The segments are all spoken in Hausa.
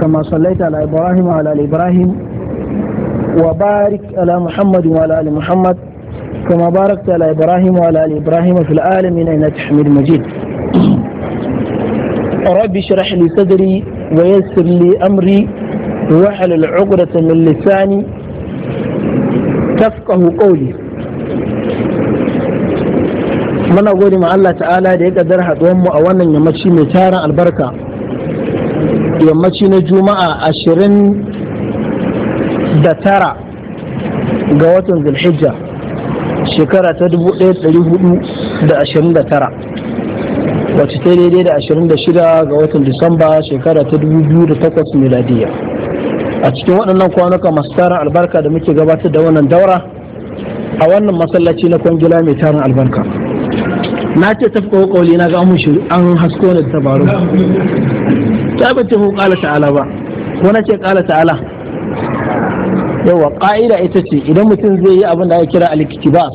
كما صليت على إبراهيم وعلى آل إبراهيم وبارك على محمد وعلى آل محمد كما باركت على إبراهيم وعلى آل إبراهيم في العالمين إنك حميد مجيد رب اشرح لي صدري ويسر لي أمري واحلل عقدة من لساني تفقه قولي من اقول مع الله تعالى ليقدر ya kaddara haɗuwar mu البركة yammaci na juma'a ashirin da tara ga watan zulhijja shekara ta dubu hudu da da ashirin tara, wacce ta daidai da ashirin da shida ga watan disamba shekara ta dubu biyu da takwas miladiya a cikin waɗannan kwanuka masu tara albarka da muke gabatar da wannan daura a wannan masallaci na kwangila mai tarin albarka na ce tafka kauli na ga an hasko da tabaru ta bace ko qala ta'ala ba ko nace qala ta'ala yawa ƙa'ida ita ce idan mutum zai yi abin da ake kira al-iktibas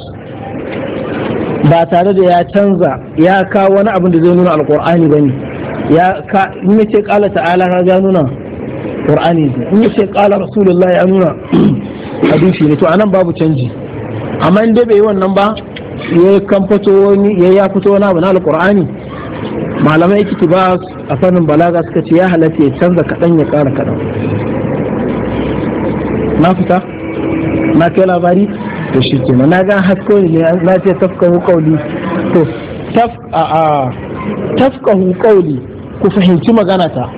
ba tare da ya canza ya ka wani abin da zai nuna alqur'ani bane ya ka in yace qala ta'ala ka ga nuna qur'ani in yace qala rasulullah ya nuna hadisi ne to anan babu canji amma in dai bai yi wannan ba ya kan fito wani ya ya fito wani abu na alqur'ani malamai ikiti ba a fannin balaga suka ce ya halatta ya canza kaɗan ya ƙara kaɗan na fita na kai labari da shi ke na ga hasko ne na ce tafka hukauli to tafka hukauli ku fahimci magana ta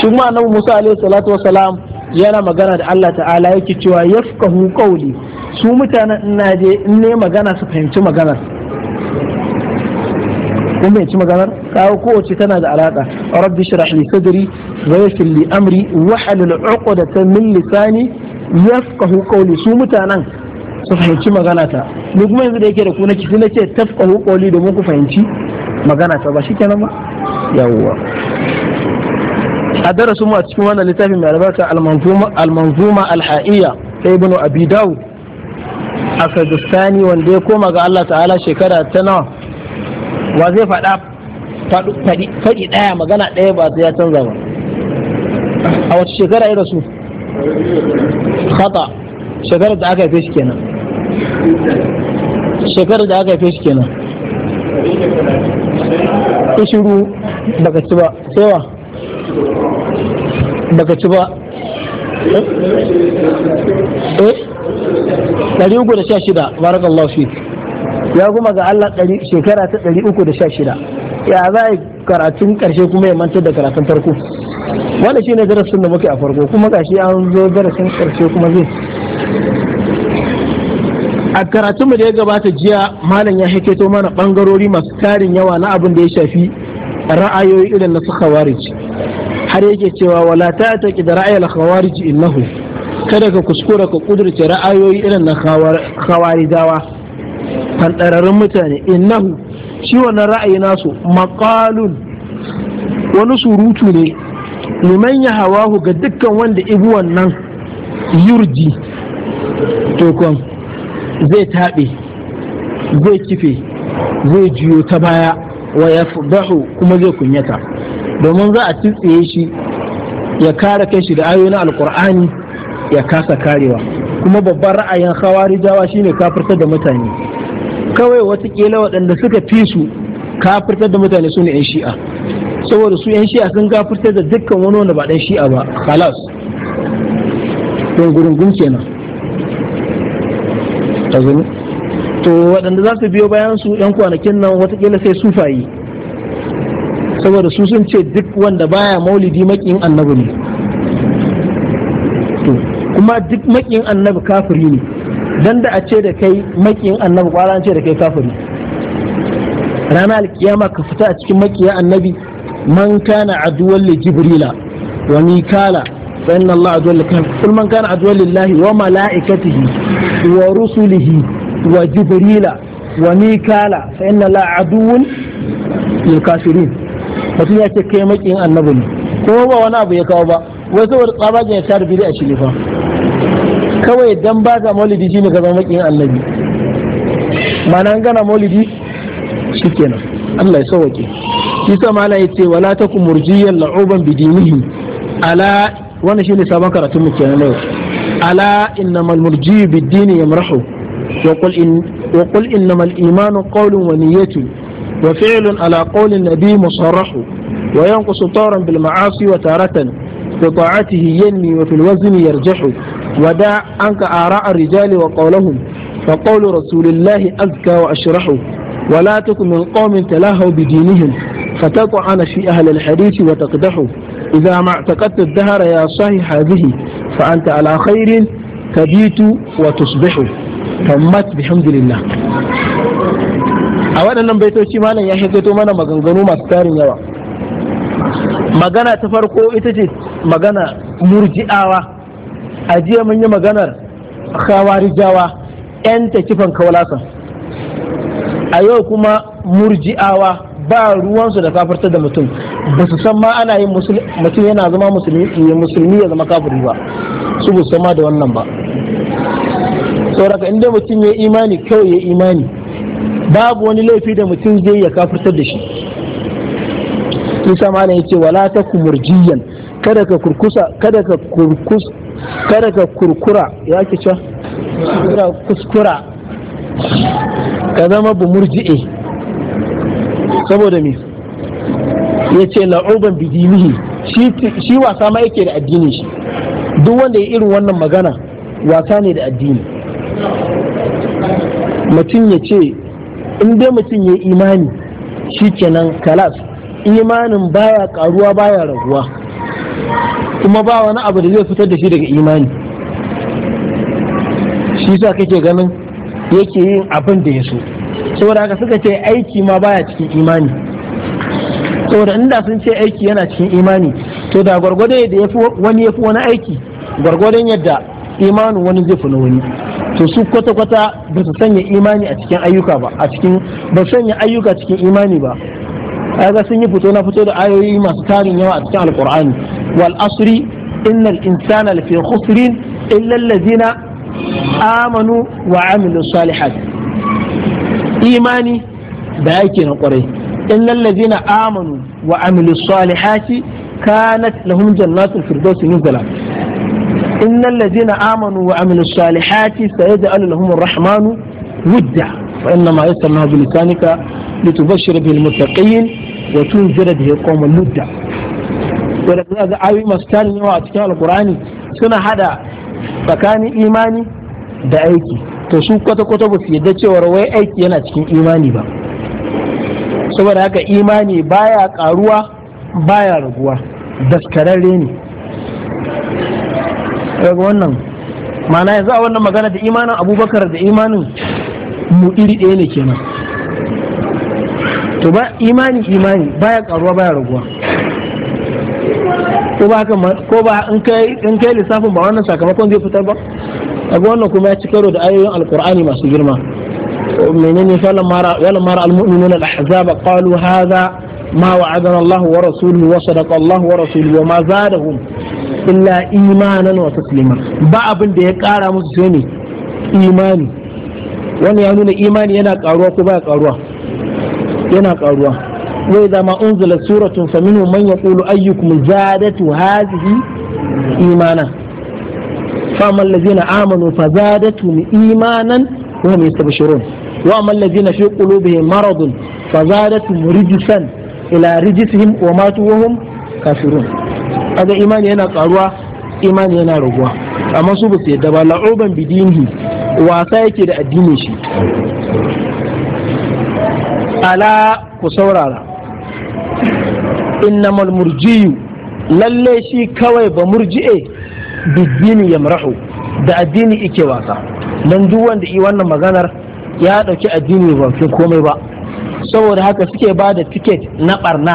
shi ma annabi Musa alaihi salatu wasalam yana magana da Allah ta'ala yake cewa yafkahu hukauli su mutanen ina je in ne magana su fahimci maganar kun bai ci maganar kawo kowace tana da alaka rabbi shrah li sadri wa yassir li amri wa halul uqdatan min lisani yafqahu qawli su mutanen su fahimci magana ta ni kuma yanzu da yake da ku na ci na ce tafqahu qawli domin ku fahimci magana ta ba shikenan ba yawwa a darasin mu a cikin wannan littafin mai albarka al-manzuma al-ha'iyya ta ibnu abi dawud a sajistani wanda ya koma ga Allah ta'ala shekara ta nawa wa zai faɗa faɗi ɗaya magana ɗaya ba sai ya canza ba a wace shekara ya su? kata shekarar da aka haife shi kenan shekarar da aka haife shi kenan ishiru baka ci ba sai wa baka ci ba eh 316 barakallahu fiki ya kuma ga Allah shekara ta ɗari uku da sha shida ya za a yi karatun ƙarshe kuma ya mantar da karatun farko wanda shi ne darasin da muke a farko kuma ga shi an zo darasin ƙarshe kuma zai a karatunmu da ya gabata jiya malam ya haketo mana ɓangarori masu tarin yawa na abin da ya shafi ra'ayoyi irin na su khawarij har yake cewa wala ta ta da ra'ayil khawarij innahu kada ka kuskura ka kudurce ra'ayoyi irin na khawarijawa fanɗararrun mutane innahu shi wannan ra'ayi nasu maƙalun wani surutu ne liman ya hawahu ga dukkan wanda ibu wannan yurji tokon zai taɓe zai kife zai juyo ta baya wa ya kuma zai kunyata domin za a tsitsiye shi ya kare kai shi da ayoyin alkur'ani ya kasa karewa kuma babban ra'ayin jawa shine kafirtar da mutane kawai watakila waɗanda suka fi su kafirtar da mutane su ne 'yan shi'a saboda su 'yan shi'a sun kafirtar da dukkan wani wanda ba ɗan shi'a ba halas don gurungun kenan to waɗanda za su biyo bayan su 'yan kwanakin nan watakila sai sufayi saboda su sun ce duk wanda baya maulidi makin annabi ne kuma duk makin annabi kafiri ne dan da a ce da kai makiyin annabi kwara an ce da kai kafiri ranar alkiyama ka fita a cikin makiya annabi man kana aduwar li jibrila wa mikala fa inna allah aduwar lillahi kul man kana aduwar lillahi wa malaikatihi wa rusulihi wa jibrila wa mikala fa inna allah aduwwun lil kafirin mutum ya ce kai makiyin annabi ne ko ba wani abu ya kawo ba wai saboda tsabagen ya tarihi a shi ne fa kawai dan ba ka maulidi shine ka zama makin annabi mana an gana maulidi shikenan Allah ya sauke shi ta mala yace wala takum murjiyan la'uban bidinihi ala wannan shine sabon karatun mu kenan yau ala innamal murji bid-dini yamrahu wa qul in wa qul innamal imanu qawlun wa niyyatun wa fi'lun ala qawli nabi musarrahu وينقص طارا بالمعاصي وتارة بطاعته ينمي وفي الوزن يرجح ودع عنك آراء الرجال وقولهم فقول رسول الله أزكى وأشرحه ولا تكن من قوم تلاهوا بدينهم فتطعن في أهل الحديث وتقدحوا إذا ما اعتقدت الدهر يا صاحي هذه فأنت على خير تبيت وتصبح تمت بحمد لله a waɗannan baitoci malam ya shakaito mana maganganu masu tarin yawa magana ta farko ita ce magana murji'awa a jiya mun yi maganar jawa 'yan takifan kawalasan a yau kuma murji'awa ba ruwansu da kafartar da mutum ba su san ma ana yin mutum yana zama musulmi ya zama kafiri ba su bu sama da wannan ba sauraka inda mutum ya imani kawai ya imani babu wani laifi da mutum zai ya kafartar da shi isa malam ce wala takum murjiyan kada ka kurkusa kada ka kurkura ya ke cewa kuskura ka zama murji'e saboda me ya ce la'uban bidinihi shi wasa ma yake da addini shi duk wanda ya irin wannan magana wasa ne da addini mutum ya ce in dai mutum ya yi imani shi kenan kalas imanin baya karuwa baya raguwa kuma ba wani abu da zai fitar da shi daga imani shi sa kake ganin yake yin abin da ya so saboda haka suka ce aiki ma baya cikin imani saboda inda sun ce aiki yana cikin imani to da gwargwadon yadda wani ya fi wani aiki gwargwadon yadda imanin wani zai fi na wani to su kwata-kwata ba su sanya imani a cikin ayyuka ba a cikin ba sanya ayyuka cikin imani ba هذا سن يفتو نفتو آيو يما ستاني يما أتكال القرآن والأصري إن الإنسان لفي خسرين إلا الذين آمنوا وعملوا الصالحات إيماني بأيكي نقري إن الذين آمنوا وعملوا الصالحات كانت لهم جنات الفردوس نزلا إن الذين آمنوا وعملوا الصالحات سيجعل لهم الرحمن ودع وإنما يسرناه بلسانك لتبشر بالمتقين wa da ya koma ludda wanda za ga ayoyi masu tarin yawa a cikin alkur'ani suna hada tsakanin imani da aiki to su kwata-kwata ba su yadda cewar wai aiki yana cikin imani ba saboda haka imani baya karuwa baya raguwa daskararre ne daga wannan ma'ana yanzu a wannan magana da imanin abubakar da imanin mu iri ɗaya ne kenan to ba imani imani baya karuwa baya raguwa ko ba kan ko ba in kai in kai lissafin ba wannan sakamakon zai fitar ba kaga wannan kuma ya ci karo da ayoyin alqur'ani masu girma menene falan mara ya yalan mara almu'minun al-ahzab qalu hadha ma wa'adana Allah wa rasuluhu wa sadaqa Allah wa rasuluhu wa ma zadahum illa imanan wa taslima ba abin da ya kara musu sai ne imani wannan ya nuna imani yana karuwa ko baya karuwa yana karuwa zai zama unzula suratun faminu man ya ƙulu ayyukum zadatu hazihi imana faman lazina amanu fa zadatu mi imanan wa mai tabashirun wa amman lazina fi ƙulubihim maradun fa zadatu mu ila rijisihim wa matuwahum kafirun kaga imani yana karuwa imani yana raguwa amma su ba su yadda ba la'uban bidinihi wasa yake da addinin shi ala ku saurara innamal murjiyu lalle shi kawai ba murji'e biddini marahu da addini ike wasa don duk wanda yi wannan maganar ya ɗauki addini ba fi komai ba saboda haka suke ba da tiket na barna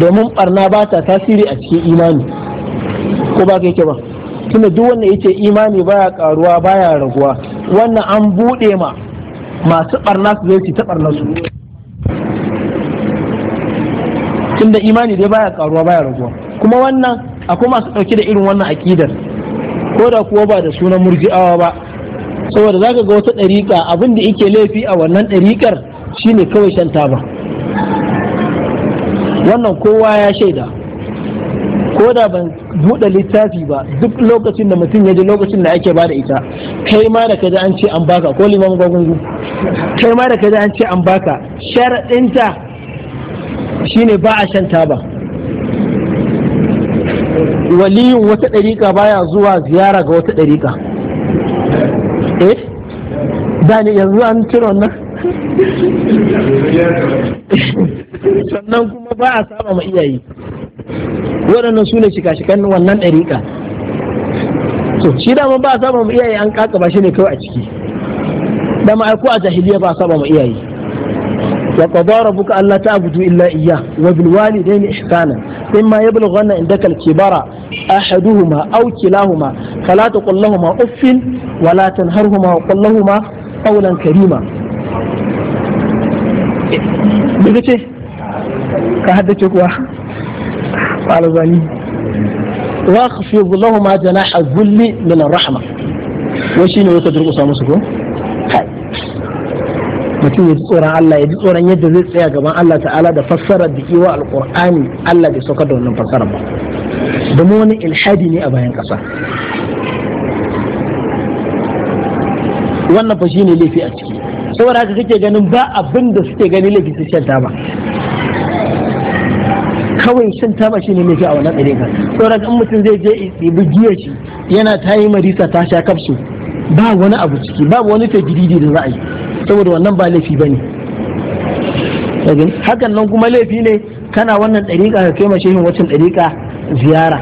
domin barna ba ta tasiri a cikin imani ko ba yake ba tunda duk wanda yace imani baya karuwa baya raguwa wannan an buɗe ma masu barna su zai ci ta barna su tun da imani dai baya karuwa baya raguwa kuma wannan akwai masu ɗauke da irin wannan aƙidar ko da kuwa ba da sunan murji'awa ba saboda zaka ga wata ɗariƙa abin da yake laifi a wannan ɗariƙar shine kawai shan taba wannan kowa ya shaida ko da ban buɗe littafi ba duk lokacin da mutum ya ji lokacin da ake bada ita kai ma da kaji an ce an baka ko liman kai ma da kaji an ce an baka sharaɗinta shine ba a shan taba waliyin wata ɗariƙa baya zuwa ziyara ga wata ɗariƙa eh da ne yanzu an cire wannan sannan kuma ba a saba ma iyaye waɗannan su ne shika-shikan wannan ɗariƙa so shi dama ba a saba ma iyaye an ba shi ne kawai a ciki dama ai ko a jahiliya ba a saba ma iyaye وقضى ربك ألا تعبدوا إلا إياه وبالوالدين إحسانا إما يبلغن عندك الكبار أحدهما أو كلاهما فلا تقل لهما أف ولا تنهرهما وقل لهما قولا كريما بذلك كهدتك وعلى ظني واخفض لهما جناح الذل من الرحمة وشين يتدرق سامسكم mutum ya ji tsoron Allah ya ji tsoron yadda zai tsaya gaban Allah ta'ala da fassarar da kewa alkur'ani Allah bai sauka da wannan fassara ba domin wani ilhadi ne a bayan ƙasa wannan fashi ne laifi a ciki saboda haka kake ganin ba abin da suke gani laifi su shanta taba kawai shan taba shi ne laifi a wannan ɗariƙa saboda in mutum zai je ibi giyar shi yana tayi marisa ta sha kafsu ba wani abu ciki ba wani tajiridi da za a yi saboda wannan ba laifi ba ne hakan nan kuma laifi ne kana wannan ɗariƙa ka kai mashehin wacin ɗariƙa ziyara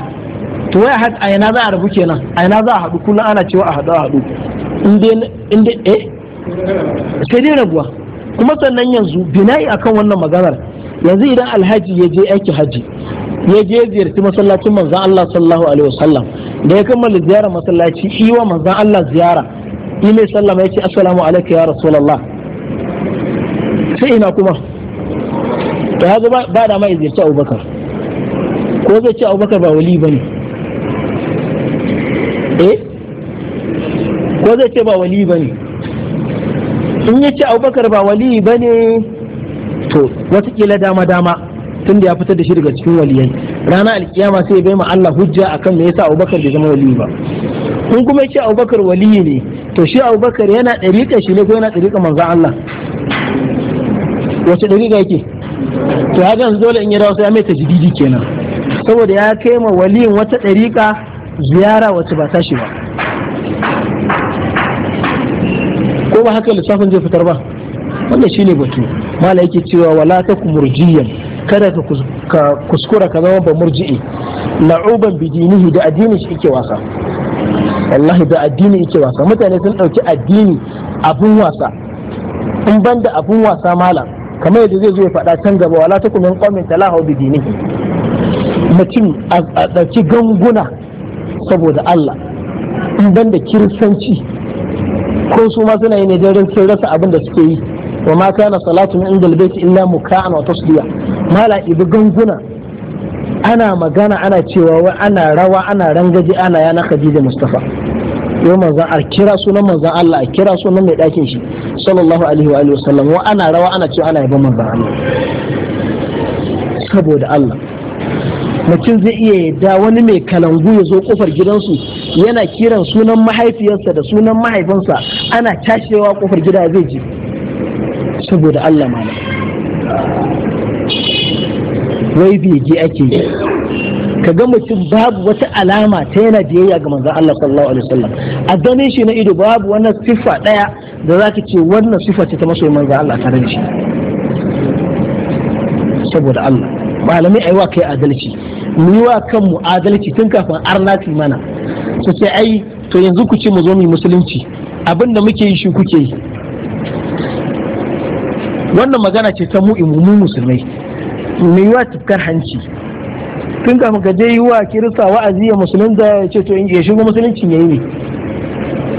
to wai a yana za a rabu kenan a yana za a haɗu kullum ana cewa a haɗu a haɗu inda dai eh sai dai rabuwa kuma sannan yanzu bina'i akan wannan maganar yanzu idan alhaji ya je aiki haji ya je ziyarci masallacin manzan Allah sallallahu alaihi wasallam da ya kammala ziyarar masallaci iwa manzan Allah ziyara yi sallama ya ce assalamu alaikum ya rasulallah sai ina kuma to haka ba da ma izirci abubakar ko zai ce abubakar ba wali ba ne eh ko zai ce ba wali ba ne in ya ce abubakar ba wali ba ne to watakila dama-dama tun da ya fitar da shi daga cikin waliyai rana alkiyama sai ya bai ma Allah hujja akan me yasa abubakar bai zama wali ba in kuma ya ce abubakar wali ne to shi abubakar yana ɗariƙa shi ne ko yana ɗariƙa manzan Allah wace ɗariƙa yake to ya yanzu dole in yi rawa sai ya mai jididi kenan saboda ya kai ma waliyin wata ɗariƙa ziyara wace ba tashi ba ko ba haka lissafin zai fitar ba wannan ne batu mala yake cewa wala ta murjiyan kada ka kuskura ka zama ba murji'i la'uban bidinihi da addinin shi yake wasa wallahi da addini yake wasa mutane sun ɗauki addini abun wasa in ban da abun wasa malam kamar yadda zai zo ya faɗa can gaba wala ta kuma kwamin talahau bi dini mutum a dauki ganguna saboda Allah in ban da kiristanci ko su ma suna yi ne don sun rasa abin da suke yi wa ma kana salatu min inda albayti illa muka'an wa tasliya? mala ibi ganguna ana magana ana cewa wai ana rawa ana rangaji ana yana khadija mustafa yau manzan a kira sunan manzan Allah a kira sunan mai ɗakin shi sallallahu alaihi wa alihi wasallam wa ana rawa ana cewa ana yaba manzan Allah saboda Allah mutum zai iya yadda wani mai kalangu ya zo kofar gidansu yana kiran sunan mahaifiyarsa da sunan mahaifinsa ana tashewa kofar gida zai ji saboda Allah malam wai bege ake yi ka ga mutum babu wata alama ta yana biyayya ga manzon Allah sallallahu alaihi wasallam a ganin shi na ido babu wannan sifa daya da zaka ce wannan sifa ce ta masoyin manzon Allah Ta da saboda Allah malamai aiwa kai adalci mu yi wa kanmu adalci tun kafin arnati mana su ce ai to yanzu ku ce mu zo mu musulunci Abinda muke yi shi kuke yi wannan magana ce ta mu musulmai mai yiwa tufkar hanci tun kafin ka je yiwa kirista wa'azi ya musulun da ya ce to in ya shigo musulunci ya yi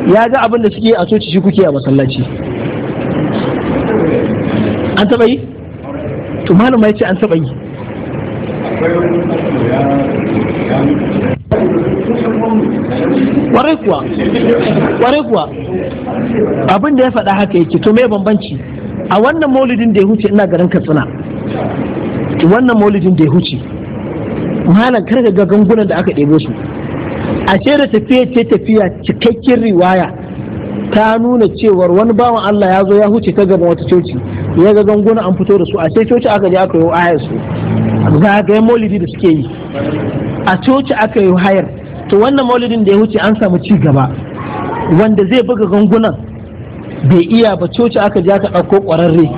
ne ya ga abin da suke a coci shi kuke a masallaci an taɓa yi to malam ya ce an taɓa yi kwarai kuwa kwarai kuwa abin da ya faɗa haka yake to me bambanci a wannan maulidin da ya huce ina garin katsina wannan maulidin da ya huce malam karga ga gangunan da aka ɗebe su a da tafiya ce tafiya cikakken riwaya ta nuna cewar wani bawan Allah ya zo ya huce ta gaban wata coci ya ga ganguna an fito da su a ce coci aka je aka yi hayar su zagayen maulidi da suke yi a coci aka yi hayar to wannan maulidin da ya huce an samu ci gaba wanda zai buga gangunan bai iya ba coci aka je aka ɗauko ƙwararre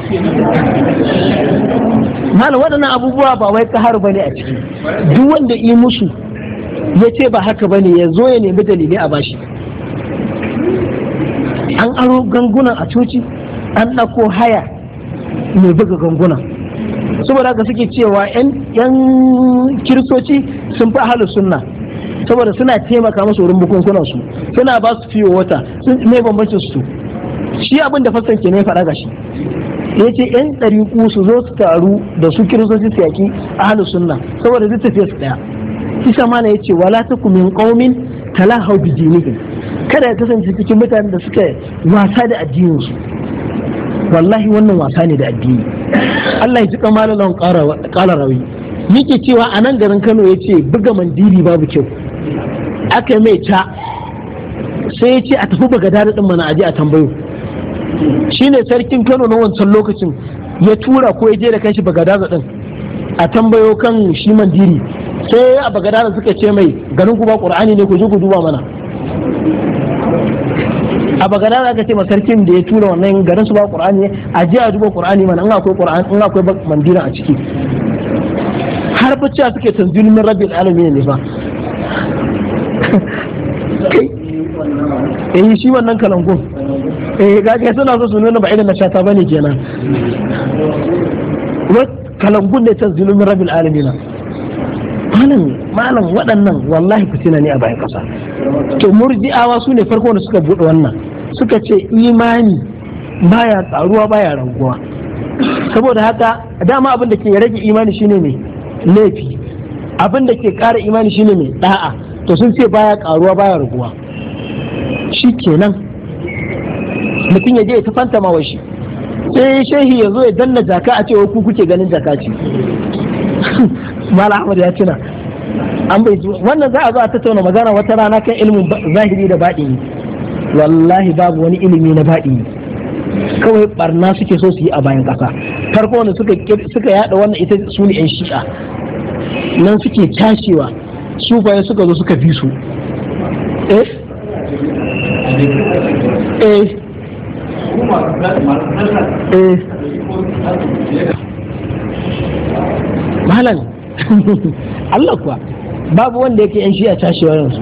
Hala waɗannan abubuwa ba wai kahar bane a ciki duk wanda yi musu ya ce ba haka ba ne ya zo ya nemi dalili a bashi an aro gangunan a coci an ɗauko haya mai buga ganguna. saboda haka suke cewa yan kiristoci sun fi ahalu sunna saboda suna taimaka musu wurin bukunkunan su suna ba su fiye wata sun mai bambancin su shi abin da ke ne faɗa gashi ya ce yan ɗariƙu su zo su taru da su kiristoci su yaƙi ahalus sunna saboda zai tafiya su ɗaya Kisa mana ya ce wala ta kumin ƙaumin talahau bijinihim kada ya kasance cikin mutanen da suka wasa da addininsu wallahi wannan wasa ne da addini Allah ya ji kamalan ƙara rauni. yake cewa a nan garin Kano ya ce buga mandiri babu kyau aka mai ta sai ya ce a tafi bagadada din mana aji a tambayo shine sarkin Kano na wancan lokacin ya tura ko ya je da kanshi Bagadaza din a tambayo kan shi mandiri sai a Bagadaza suka ce mai ganin ku ba Qur'ani ne ku je ku duba mana a Bagadaza aka ce ma sarkin da ya tura wannan garin su ba Qur'ani a je a duba Qur'ani mana in akwai Qur'ani in akwai mandira a ciki har bacciya suke tanzilin min rabbil alamin ne ba eh shi wannan kalangun eh gaga suna so su nuna ba irin na shata bane kenan wa kalangun ne tanzilu min rabbil alamin malam malam waɗannan wallahi ku tina ne a bayan kasa to murji'awa su ne farko da suka buɗe wannan suka ce imani baya tsaruwa baya raguwa saboda haka dama abin da ke rage imani shine ne laifi abin da ke kara imani shine ne da'a to sun ce baya karuwa baya raguwa shi kenan. mutum ya je ya tafanta ma washi sai shehi ya zo ya danna jaka a cewa ku kuke ganin jaka ce Malam ahmad ya tuna an bai wannan za a zo a tattauna magana wata rana kan ilimin zahiri da ne. wallahi babu wani ilimi na ne. kawai barna suke so su yi a bayan ƙasa farko wanda suka suka yada wannan ita su ne 'yan shi'a nan suke tashewa sufaye suka zo suka bi su eh eh malam Allah kuwa babu wanda yake yan shiya cashe yanzu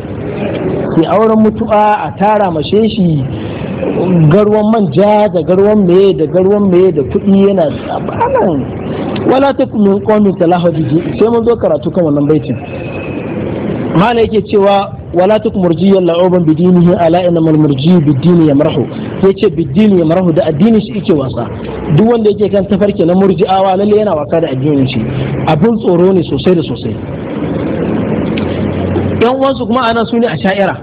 ke auren mutu'a a tara mashe shi garwan manja da garwan meye da garwan meye da kuɗi yana tsabanan wala ta min qomin talaha sai mun zo karatu kan wannan baitin mana yake cewa wala tuk murjiyan la'uban bidinihi ala innamal murji bidini yamrahu ce bidini da addini shi yake wasa duk wanda yake kan tafarki na murji'awa lalle yana wasa da addinin shi abin tsoro ne sosai da sosai yan uwansu kuma anan su ne a sha'ira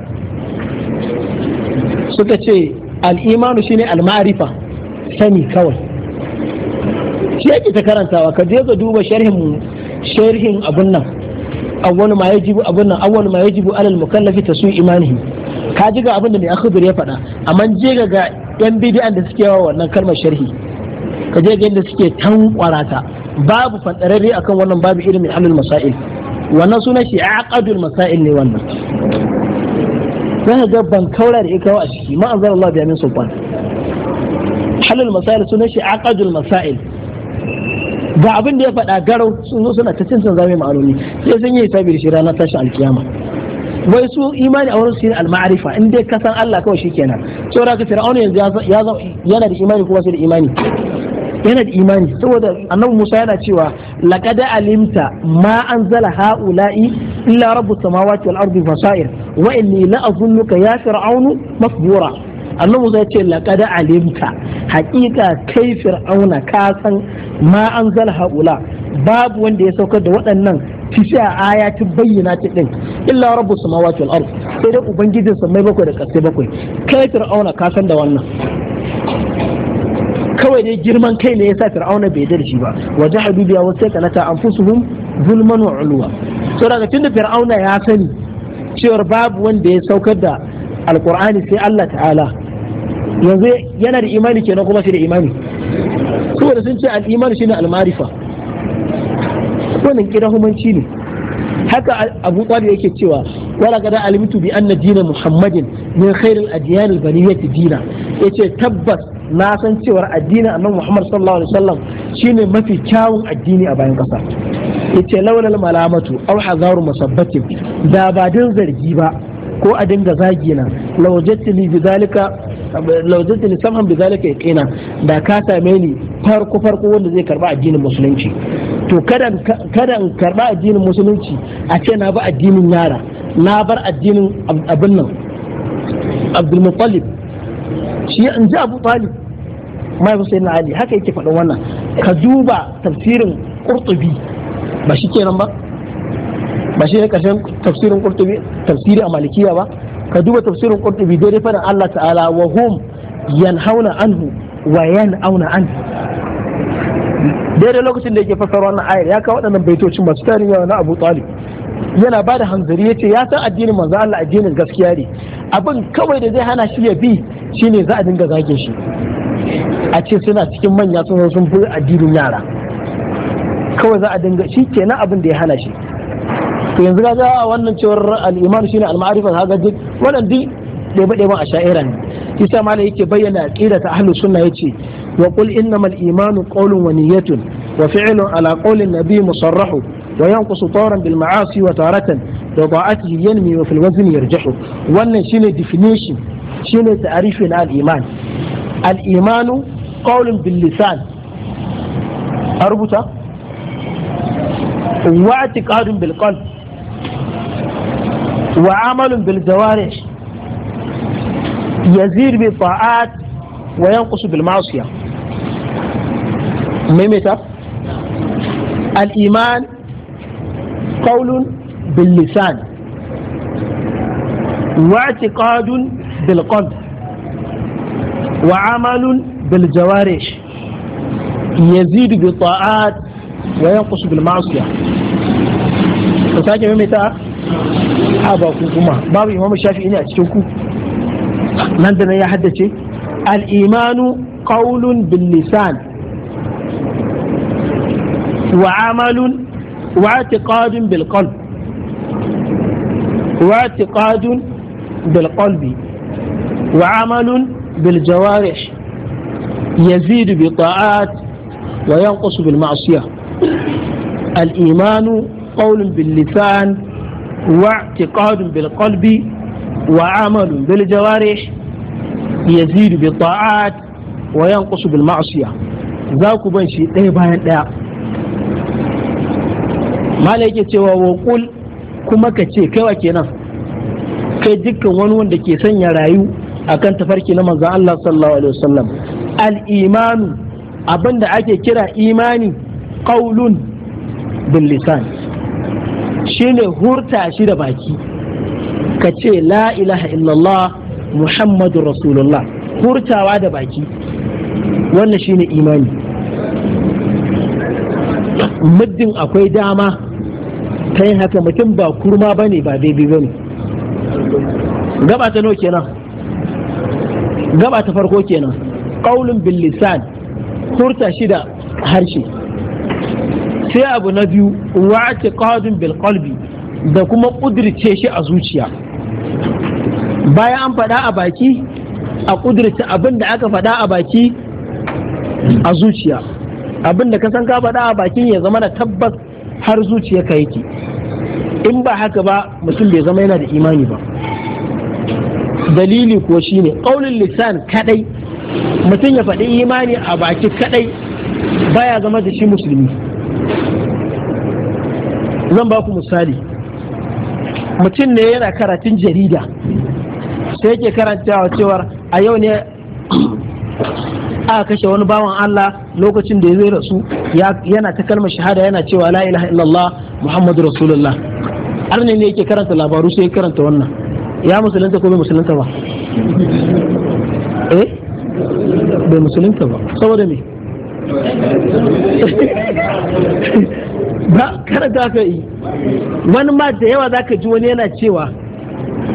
suka ce al'imanu shine al-ma'rifa sani kawai shi yake ta karantawa ka je ka duba sharhin sharhin abun nan awwalu ma yajibu abun nan awwalu ma yajibu alal mukallafi tasu imanihi ka ji ga abin da mai akhbar ya faɗa amma je ga yan bid'an da suke yawa wannan kalmar sharhi ka je ga yadda suke tankwara ta babu fadarare akan wannan babu irin alul masail wannan suna shi aqadul masail ne wannan zaka ga ban kaura da ikawa a ciki ma anzar Allah biya min sultan halul masail suna shi aqadul masail ga abin da ya faɗa garau sun zo suna ta cin sun zame ma'anoni sai sun yi hisabi da shi ranar tashin alkiyama wai su imani a wurin su ne al-ma'rifa in dai ka san Allah kawai shikenan saboda ka fir'auna yanzu ya yana da imani kuma sai da imani yana da imani saboda annabi Musa yana cewa laqad alimta ma anzala haula'i illa rabbus samawati wal ardi fasair wa inni la ya fir'aunu masbura Allah Musa ya ce laqad alimta haƙiƙa kai fir'auna ka san ma anzal haula babu wanda ya saukar da waɗannan aya ta bayyana ta din illa rabbus samawati wal ard sai dai ubangijin samai bakwai da ƙasai bakwai kai fir'auna ka san da wannan kawai dai girman kai ne yasa fir'auna bai yarda da shi ba wa jahadu biya wa sai ta anfusuhum zulman wa ulwa so daga tunda fir'auna ya sani cewar babu wanda ya saukar da Alƙur'ani sai Allah ta'ala yanzu yana da imani kenan kuma shi da imani saboda sun ce al'imani shine al-marifa wannan humanci ne haka abu talib yake cewa wala gada alimitu bi anna dina muhammadin min khairil adyan al baniyati dina yace tabbas na san cewar addinin annabi muhammad sallallahu alaihi wasallam shine mafi kyawun addini a bayan kasa yace launin malamatu aw hazaru masabbatin da ba din zargi ba ko a dinga zagi na lawajatni bi zalika lauzin lissaman bi zalika kina da ka same ni farko farko wanda zai karba addinin musulunci to kada in karba addinin musulunci a ce na bi addinin yara na bar addinin abin nan abdul muttalib shi in ji abu talib mai husaini ali haka yake faɗin wannan ka duba tafsirin ƙurtubi. ba shi kenan ba ba shi ne karshen tafsirin ƙurtubi, tafsiri a malikiya ba ka duba tafsirin qurtubi dai faɗin Allah ta'ala wa hum yanhauna anhu wa auna anhu daidai lokacin da yake fassara wannan ayar ya kawo waɗannan baitocin masu tarin yawa na Abu Talib yana ba da hanzari yace ya san addinin manzo Allah addinin gaskiya ne abin kawai da zai hana shi ya bi shine za a dinga zage shi a ce suna cikin manya sun sun fi addinin yara kawai za a dinga shi kenan abin da ya hana shi to yanzu kaga wannan cewar al-iman shine al-ma'rifa kaga duk wannan duk ɗebe ɗeben a sha'ira ne isa ma yake bayyana aqida ta ahlus sunna yace wa qul innamal imanu qawlun wa niyyatun wa fi'lun ala qawlin nabiy musarrahu wa yanqusu tawran bil ma'asi wa taratan da ba'atihi yanmi wa fil wazn yarjihu wannan shine definition shine ta'rifin al-iman al-imanu qawlun bil lisan a rubuta wa i'tiqadun bil qalb وعمل بالجوارح يزيد بالطاعات وينقص بالمعصية ميمتة الإيمان قول باللسان واعتقاد بالقلب وعمل بالجوارح يزيد بالطاعات وينقص بالمعصية ku sake maimaita a ba ku kuma babu imamu shafi'i ne a cikin ku nan da nan ya haddace al-imanu qawlun bil lisan wa amalun wa i'tiqadun bil qalb wa i'tiqadun bil qalbi wa amalun bil jawarih yazidu bi ta'at wa yanqusu bil ma'siyah al-imanu قول باللسان واعتقاد بالقلب وعمل بالجوارح يزيد بالطاعات وينقص بالمعصية ذاك بن شيء ɗaya bayan ɗaya mala yake cewa waƙul kuma ka ce kaiwa kenan kai dukkan wani wanda ke sanya rayu akan tafarki na manzon Allah sallallahu alaihi wasallam al imanu abinda ake kira imani qaulun bil lisan Shi ne hurta shi da baki ka ce la ilaha illallah muhammadu rasulullah hurtawa da baki wannan shine imani muddin akwai dama ta yin haka mutum ba kurma ba ne ba daidai ba ne gaba ta nau kenan gaba ta farko kenan ƙaunin bil hurta shi da harshe sai abu na biyu wa'ati qadun bil qalbi da kuma kudurce shi a zuciya bayan an faɗa a baki a kudurce abin aka faɗa a baki a zuciya Abinda da ka san ka faɗa a baki ya zama na tabbas har zuciya ka yake in ba haka ba mutum bai zama yana da imani ba dalili ko shine ƙaunin lissan kadai mutum ya faɗi imani a baki kadai baya zama da shi musulmi zan ba ku misali mutum ne yana karatun jarida sai yake karantawa cewar a yau ne aka kashe wani bawan Allah lokacin da ya zai rasu yana ta kalmar shahada yana cewa la ilaha illallah muhammadu rasulullah arne ne yake karanta labaru sai karanta wannan ya musulunta ko bai musulunta ba eh bai musulunta ba saboda me ba karanta ka yi wani ma da yawa za ka ji wani yana cewa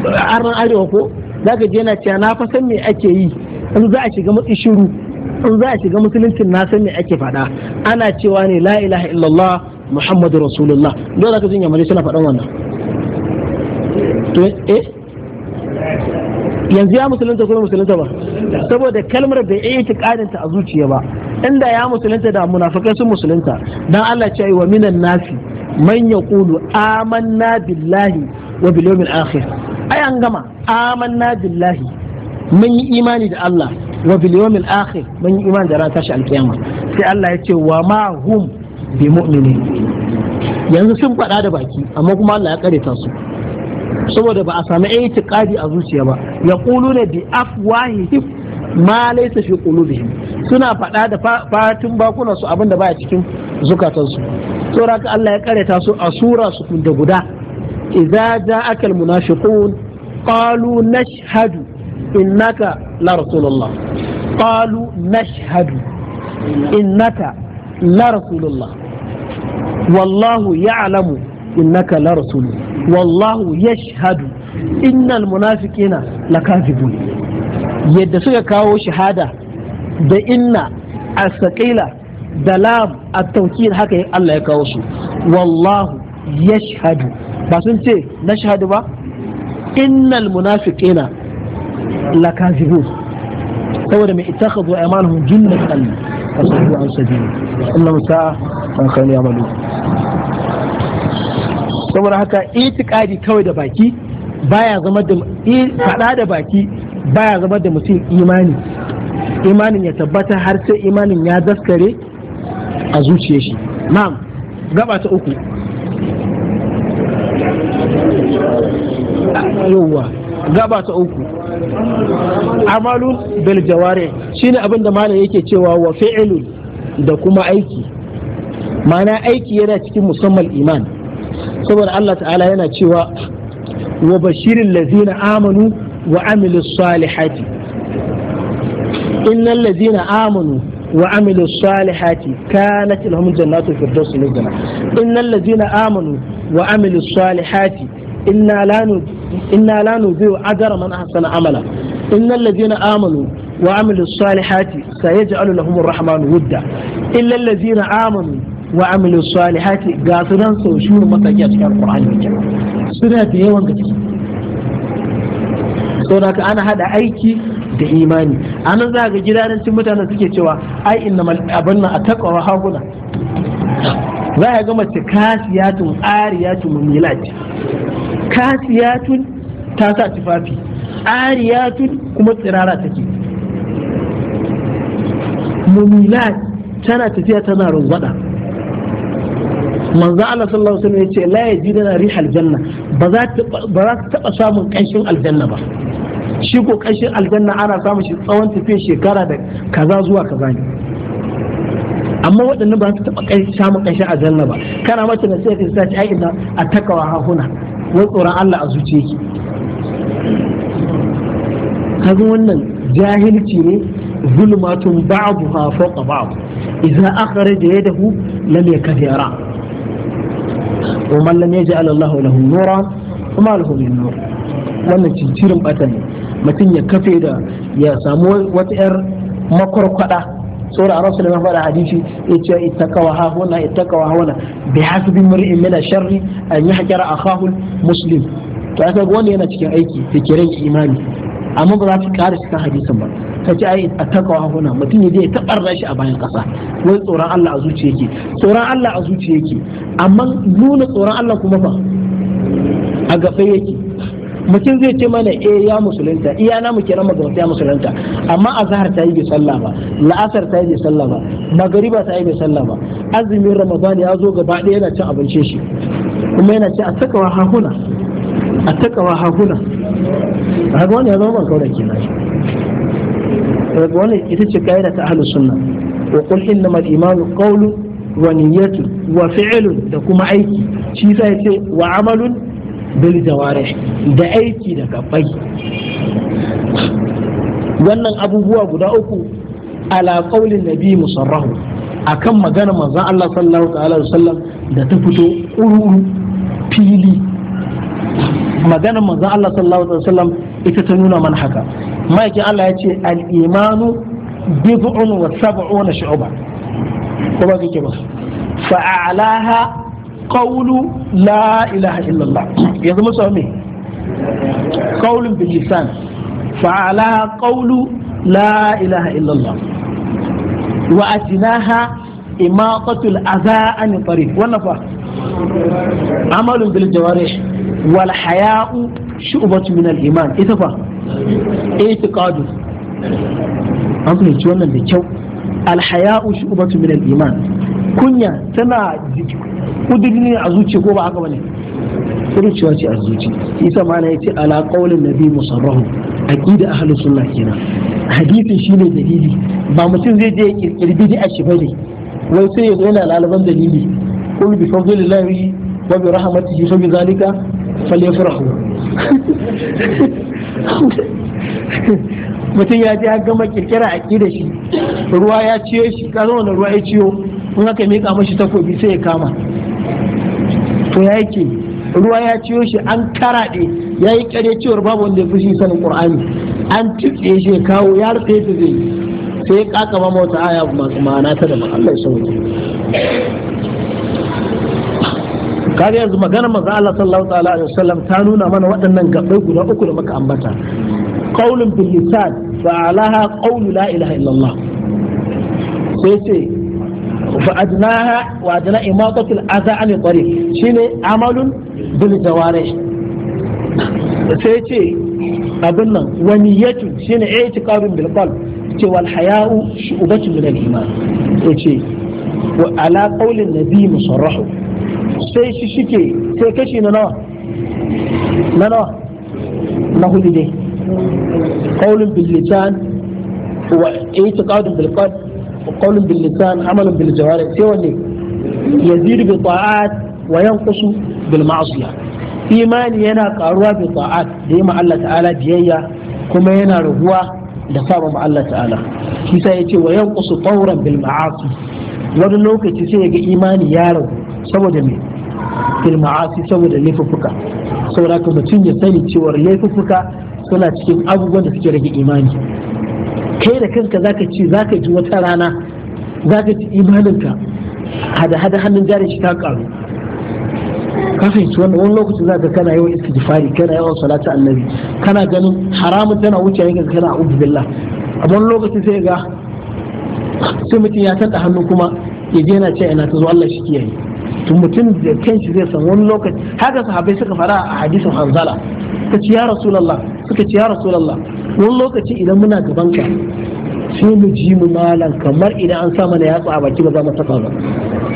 a ran arewa ko za ka ji yana cewa na fa san me ake yi in za a shiga matsi shiru in za a shiga musuluncin na san me ake faɗa ana cewa ne la ilaha illallah muhammadu rasulullah dole za ka jin yamare suna faɗan wannan eh? yanzu ya musulunta ko musulunta ba saboda kalmar bai iya ta a zuciya ba inda ya musulunta da munafikai sun musulunta dan Allah ce wa minan nasi man yaqulu amanna billahi wa bil yawmil akhir ai an gama amanna billahi mun yi imani da Allah wa bil yawmil akhir mun yi imani da ran tashi alkiyama sai Allah ya ce wa ma hum bi mu'minin yanzu sun faɗa da baki amma kuma Allah ya kare ta su saboda ba a sami itikadi a zuciya ba ne bi afwahihim ma laysa fi qulubihim suna faɗa da fatin bakuna su abinda ba a cikin zukatansu saboda ka Allah ya kareta su a sura su da guda idza ja'aka almunafiqun qalu nashhadu innaka la rasulullah qalu nashhadu innaka la rasulullah wallahu ya'lamu innaka la rasulullah wallahu yashhadu innal munafiqina lakazibun yadda suka kawo shahada da inna a asaqila da lam a taukiyar haka Allah ya kawo su wallahu shahadu. ba sun ce na shahadu ba innal munafiqina lakazibun saboda mai ittakhadhu aymanahum jinnatan fasahu an sabili inna sa'a an kan yamalu saboda haka itikadi kawai da baki baya zama da fada da baki baya zama da mutum imani imanin ya tabbata har sai imanin ya daskare a zuciya shi na'am gaba ta uku yawwa gaba ta uku amalun bil shine abinda da malam yake cewa wa fi'lun da kuma aiki mana aiki yana cikin musamman iman saboda Allah ta'ala yana cewa wa bashirin lazina amanu wa amilus salihati innal ladina amanu wa amilu salihati kanat lahum jannatu firdaus nuzula innal ladina amanu wa amilu salihati inna la inna la nudhi'u ajra man ahsana amala innal ladina amanu wa amilu salihati sayaj'alu lahum ar-rahmanu wudda illal ladina amanu wa amilu salihati ga su nan sau shuru mataki a cikin alkur'ani mai kyau ana hada aiki da imani anan za ga gidancin mutanen suke cewa ai inna abin nan a taqwa haguna za a ga mace kasiyatun ariyatun mumilat kasiyatun ta sa tufafi ariyatun kuma tsirara take mumilat tana tafiya tana rungwada manzo Allah sallallahu alaihi wasallam yace la yajiduna rihal janna ba za ta taba samun kanshin aljanna ba shi ko kashin aljanna ana samun shi tsawon tafiya shekara da kaza zuwa kaza ne amma waɗannan ba su taɓa samun kashin aljanna ba kana mace na sai ka sa ci aikin a takawa hahuna wai tsoron Allah a zuciya ki kaga wannan jahilci ne zulmatun ba'dha fawqa ba'd idza akhraja yadahu lam yakad yara wa man lam yaj'al Allahu lahu nuran kuma lahu min nur wannan cincirin bata ne mutum ya kafe da ya samu wata yar makwarkwada saboda a rasu da man da hadisi ya ce ittaqawa ha huna ittaqawa ha huna bi hasbi mar'in min sharri an a akahu muslim to aka ga wanda yana cikin aiki da ke rage imani amma ba za ta kare su kan hadisin ba ta ce ai attaqawa ha huna mutum ya zai ya tabarra shi a bayan kasa wai tsoron Allah a zuci yake tsoron Allah a zuci yake amma nuna tsoron Allah kuma fa a gaɓe yake mutum zai ce mana eh ya musulunta iya na mu kira magabata ya musulunta amma azhar ta yi bai sallah ba la'asar ta yi bai sallah ba magariba ta yi bai sallah ba azumin ramadan ya zo gaba ɗaya yana cin abincin shi kuma yana ce a takawa hahuna a takawa hahuna haka wani ya zama ban kauran kenan daga wani ita ce kaida ta ahlus sunna wa qul innamal imanu qawlun wa niyyatun wa fi'lun da kuma aiki shi sai ce wa amalun bil jawarish da aiki da gabbai wannan abubuwa guda uku ala qaulin nabi musarrahu akan magana manzon Allah sallallahu alaihi wasallam da ta fito ƙuru fili maganar manzon Allah sallallahu alaihi wasallam ita ta nuna man haka ma'aikin Allah ya ce al-imanu bid'un wa sab'una shu'ba ko ba kike ba Fa alaha. qawlu la ilaha illallah ya zama sau me qawlun bil lisan fa'alaha qawlu la ilaha illallah wa atinaha imaqatul adha an tariq wannan fa amalun bil jawarih wal haya'u shu'batun min al iman ita fa itiqadu an fahimci wannan da kyau al haya'u shu'batun min al iman kunya tana kudiri ne a zuci ko ba haka bane furuciwa ce a zuci isa ma ya ce ala qaulin nabi musarrahu a ahlus na kenan shi shine dalili ba mutum zai je ya kirkiri a shi bane wai sai ya zai yana lalaban dalili ko bi fadlillahi wa bi rahmatihi shi bi zalika rahu mutum ya je ya gama kirkira aqida shi ruwa ya ciye shi kazo wani ruwa ya ciyo in aka miƙa mashi takobi sai ya kama to ya yake ruwa ya ciyo shi an karaɗe ya yi ƙyare cewar babu wanda ya fi shi sanin ƙur'ani an tutse shi ya kawo ya rufe ta zai sai ya ƙaƙa ba wata aya masu ma'ana ta da Allah ya sauke kaga yanzu maganar maza Allah sallallahu alaihi wasallam ta nuna mana waɗannan gabbai guda uku da muka ambata qaulun bil lisan fa alaha qawlu la ilaha illallah sai sai فأدناها وأدنى إماطة الأذى عن الطريق شيني عمل بالجوارح سيتي أبنا ونية شيني اعتقاد بالقلب والحياء شعبة من الإيمان سيتي وعلى قول النبي مصرح sai shi shike sai kashi na nawa na nawa na hudu dai qaulun bil lisan wa i'tiqadun bil qalb قول باللسان عمل بالجوارح سوى ليه يزيد بالطاعات وينقص بالمعصية imani yana karuwa bi ta'at da yi Allah ta'ala biyayya kuma yana raguwa da saba ma Allah ta'ala shi sai yace wa yanqusu tawran bil ma'asi wani lokaci sai yaga imani ya ragu saboda me bil ma'asi saboda laifuffuka saboda ka mutum ya sani cewa laifuffuka suna cikin abubuwan da suke rage imani kai da kanka zaka ce zaka ji wata rana zaka ci imaninka hada hada hannun jari shi ta karu ka fahimci wanda wani lokacin zaka kana yawan istighfari kana yawan salatu annabi kana ganin haramun tana wuce yake kana a'udhu billah a wani lokacin sai ga sai mutum ya tada hannu kuma ya je yana ce ina ta zo Allah shi kiyaye to mutum da kanshi zai san wani lokaci haka sahabbai suka fara a hadisin hanzala suka ci ya rasulullah suka ci ya rasulullah wani lokaci idan muna gaban ka sai mu ji mu malam kamar idan an sa mana yatsa a baki ba za mu saka ba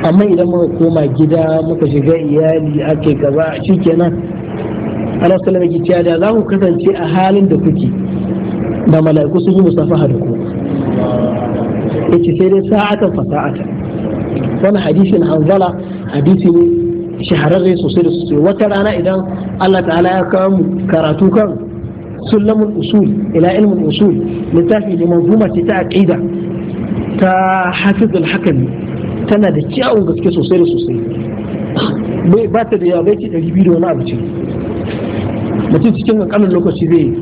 amma idan muka koma gida muka shiga iyali ake gaba shikenan Allah sallama ki cewa da za ku kasance a halin da kuke da mala'iku sun yi musafaha da ku yace sai dai sa'atan sa'atan wannan hadisin hanzala hadisi ne shahararre sosai da sosai wata rana idan Allah ta'ala ya kawo mu karatu kan سلم الأصول إلى علم الأصول لتافي لمنظومة تعقيدة تحافظ الحكم tana da kyawun gaske sosai da sosai bai da yawa bai ce ɗari biyu da wani abu ce mutum cikin ƙanƙanin lokaci zai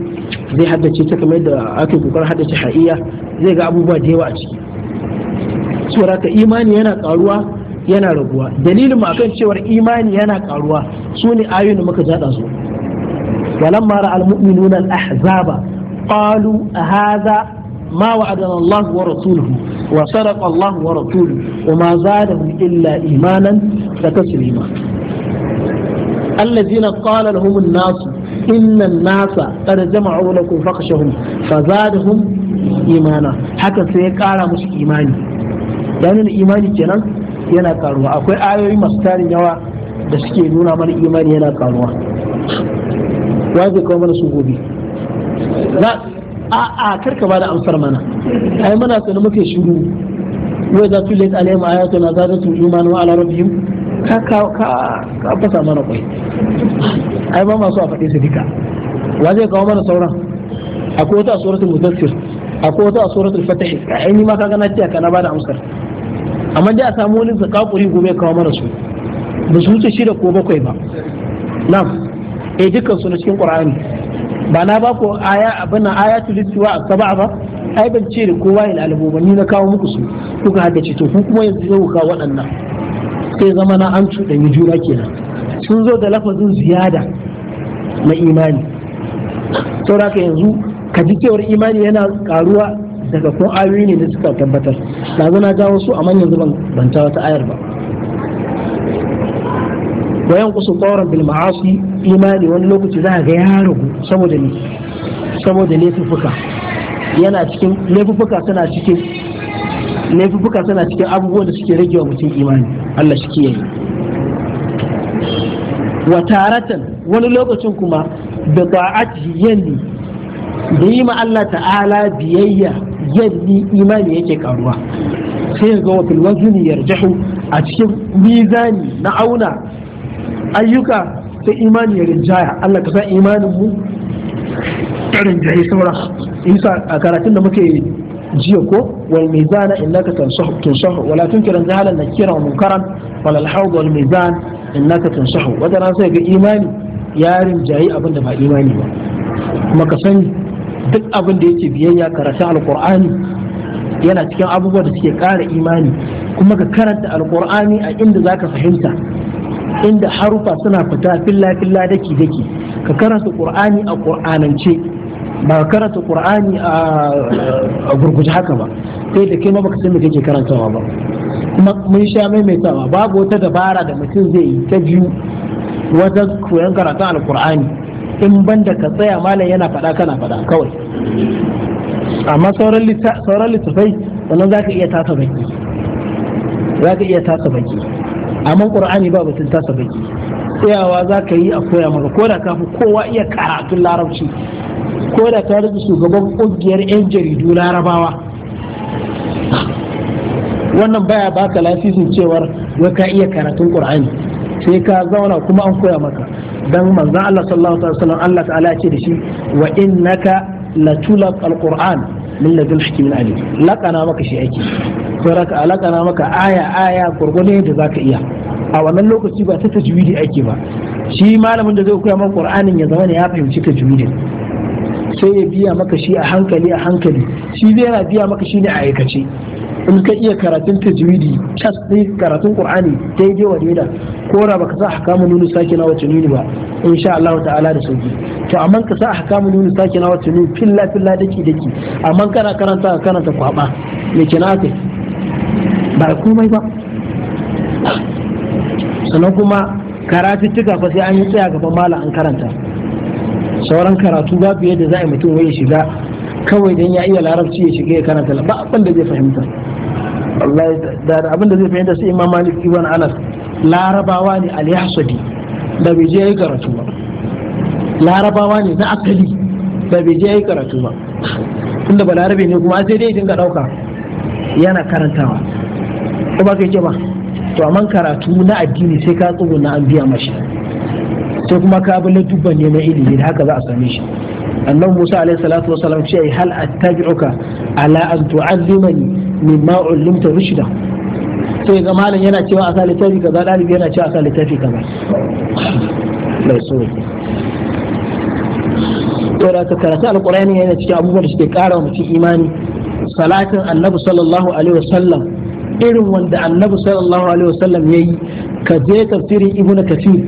zai haddace ta kamar da ake kokarin haddace ha'iya zai ga abubuwa da yawa a ciki saboda imani yana ƙaruwa yana raguwa dalilin mu akan cewar imani yana ƙaruwa su ne ayoyin muka jaɗa su فلما رأى المؤمنون الأحزاب قالوا هذا ما وعدنا الله ورسوله وصدق الله ورسوله وما زادهم إلا إيمانا وتسليما الذين قال لهم الناس إن الناس قد جمعوا لكم فاخشهم فزادهم إيمانا حتى سيقال مش إيماني يعني إيماني كنا yana karuwa akwai ayoyi masu tarin yawa da suke nuna mana imani yana karuwa wa zai kawo mana su gobe a a karka ba da amsar mana ai mana tsani muke shiru wai za tu late alayhim ayatuna zadatu iman wa ala rabbihim ka ka ka fasa mana kwai ai ba masu a faɗe su duka wa zai kawo mana sauran akwai wata suratul mudaththir akwai wata suratul fatih ai ni ma ka gana tiya kana ba da amsar amma dai a samu wani zakakuri gobe kawo mana su ba su wuce shida ko bakwai ba na'am eh dukkan su na cikin qur'ani ba na ba ku aya abin nan ayatul istiwa sab'a ba ai ban ce da kowa ya na kawo muku su kuka haka ce to ku kuma yanzu zai kawo waɗannan sai zama na an ni juna kenan sun zo da lafazin ziyada na imani saboda ka yanzu ka ji cewar imani yana karuwa daga kun ayoyi ne da suka tabbatar na na jawo su amma yanzu ban ta wata ayar ba wa yanqusu tawran bil ma'asi imani wani lokaci za ga ya ragu saboda ne saboda laifuffuka yana cikin laifuffuka tana cikin laifuffuka tana cikin abubuwan da suke rage wa mutum imani Allah shi kiyaye wa taratan wani lokacin kuma da ta'ati yanni da yi ma Allah ta'ala biyayya yanni imani yake karuwa sai ga wa fil wajhi yarjahu a cikin mizani na auna ayyuka sai imani ya rinjaya Allah ka sa imanin mu ta rinjaye saura isa a karatun da muke jiya ko wal mizana innaka tansahu tansahu wala tunkira jahalan nakira wa munkaran wal hawd wal mizan innaka tansahu wata ran sai ga imani ya rinjaye abin da ba imani ba kuma ka sani duk abin da yake biyayya karatun alqur'ani yana cikin abubuwa da suke kara imani kuma ka karanta alqur'ani a inda zaka fahimta inda harufa suna fita filla filla daki daki ka karanta qur'ani a qur'anance ba ka karanta qur'ani a gurguje haka ba sai da kai ma baka san me kake karantawa ba kuma mun sha maimaitawa babu wata dabara da mutum zai yi ta biyu wajen koyon karatun alkur'ani in banda ka tsaya malam yana faɗa kana faɗa kawai amma sauran littafai wannan za ka iya tasa baki za ka iya tasa baki amma qur'ani ba batun tasa baki tsayawa za ka yi a koya maka ko da ka fi kowa iya karatun larabci ko da ka rubuta shugaban kungiyar yan jaridu larabawa wannan baya baka lasisin cewar wai ka iya karatun qur'ani sai ka zauna kuma an koya maka dan manzo Allah sallallahu alaihi wasallam Allah ta'ala ce da shi wa innaka latula alquran min ladun hakimin alim laqana maka shi ake saboda ka alakana maka aya aya gurgurdan yadda zaka iya a wannan lokaci ba ta tajwidi ake ba shi malamin da zai koya maka qur'anin ya zama ne ya fahimci tajwidin sai ya biya maka shi a hankali a hankali shi zai yana biya maka shi ne a aikace in ka iya karatun tajwidi tas ɗin karatun qur'ani daidai wa daida ko da baka sa ahkamu nunu sake na wacce nuni ba insha Allah ta'ala da sauki to amma ka sa ahkamu nunu sake na wacce nuni filla filla daki daki amma kana karanta karanta kwaba me kina kai ba komai ba sannan kuma karatuttuka fa sai an yi tsaya gaban mala an karanta sauran karatu ba fiye da za a mutum wai ya shiga kawai dan ya iya larabci ya shiga ya karanta ba abin da zai fahimta wallahi da abin da zai fahimta sai imam malik ibn anas larabawa ne al-yahsudi da bai je yayi karatu ba larabawa ne na akali da bai je yayi karatu ba tunda balarabe ne kuma sai dai dinga dauka yana karantawa ko ba ka yake ba to amma karatu na addini sai ka na an biya mashi sai kuma ka bala dubban ne na ilimi da haka za a same shi annabi Musa alaihi salatu wa salam ce hal attabi'uka ala an tu'allimani mimma ullimta rushda sai ga malam yana cewa a sali tafi kaza dalibi yana cewa a sali tafi kaza mai so da ka karatu alqur'ani yana cikin abubuwan da suke kara wa mutum imani salatin annabi sallallahu alaihi wasallam irin wanda annabi sallallahu alaihi wasallam yayi ka je tafsirin ibnu kathir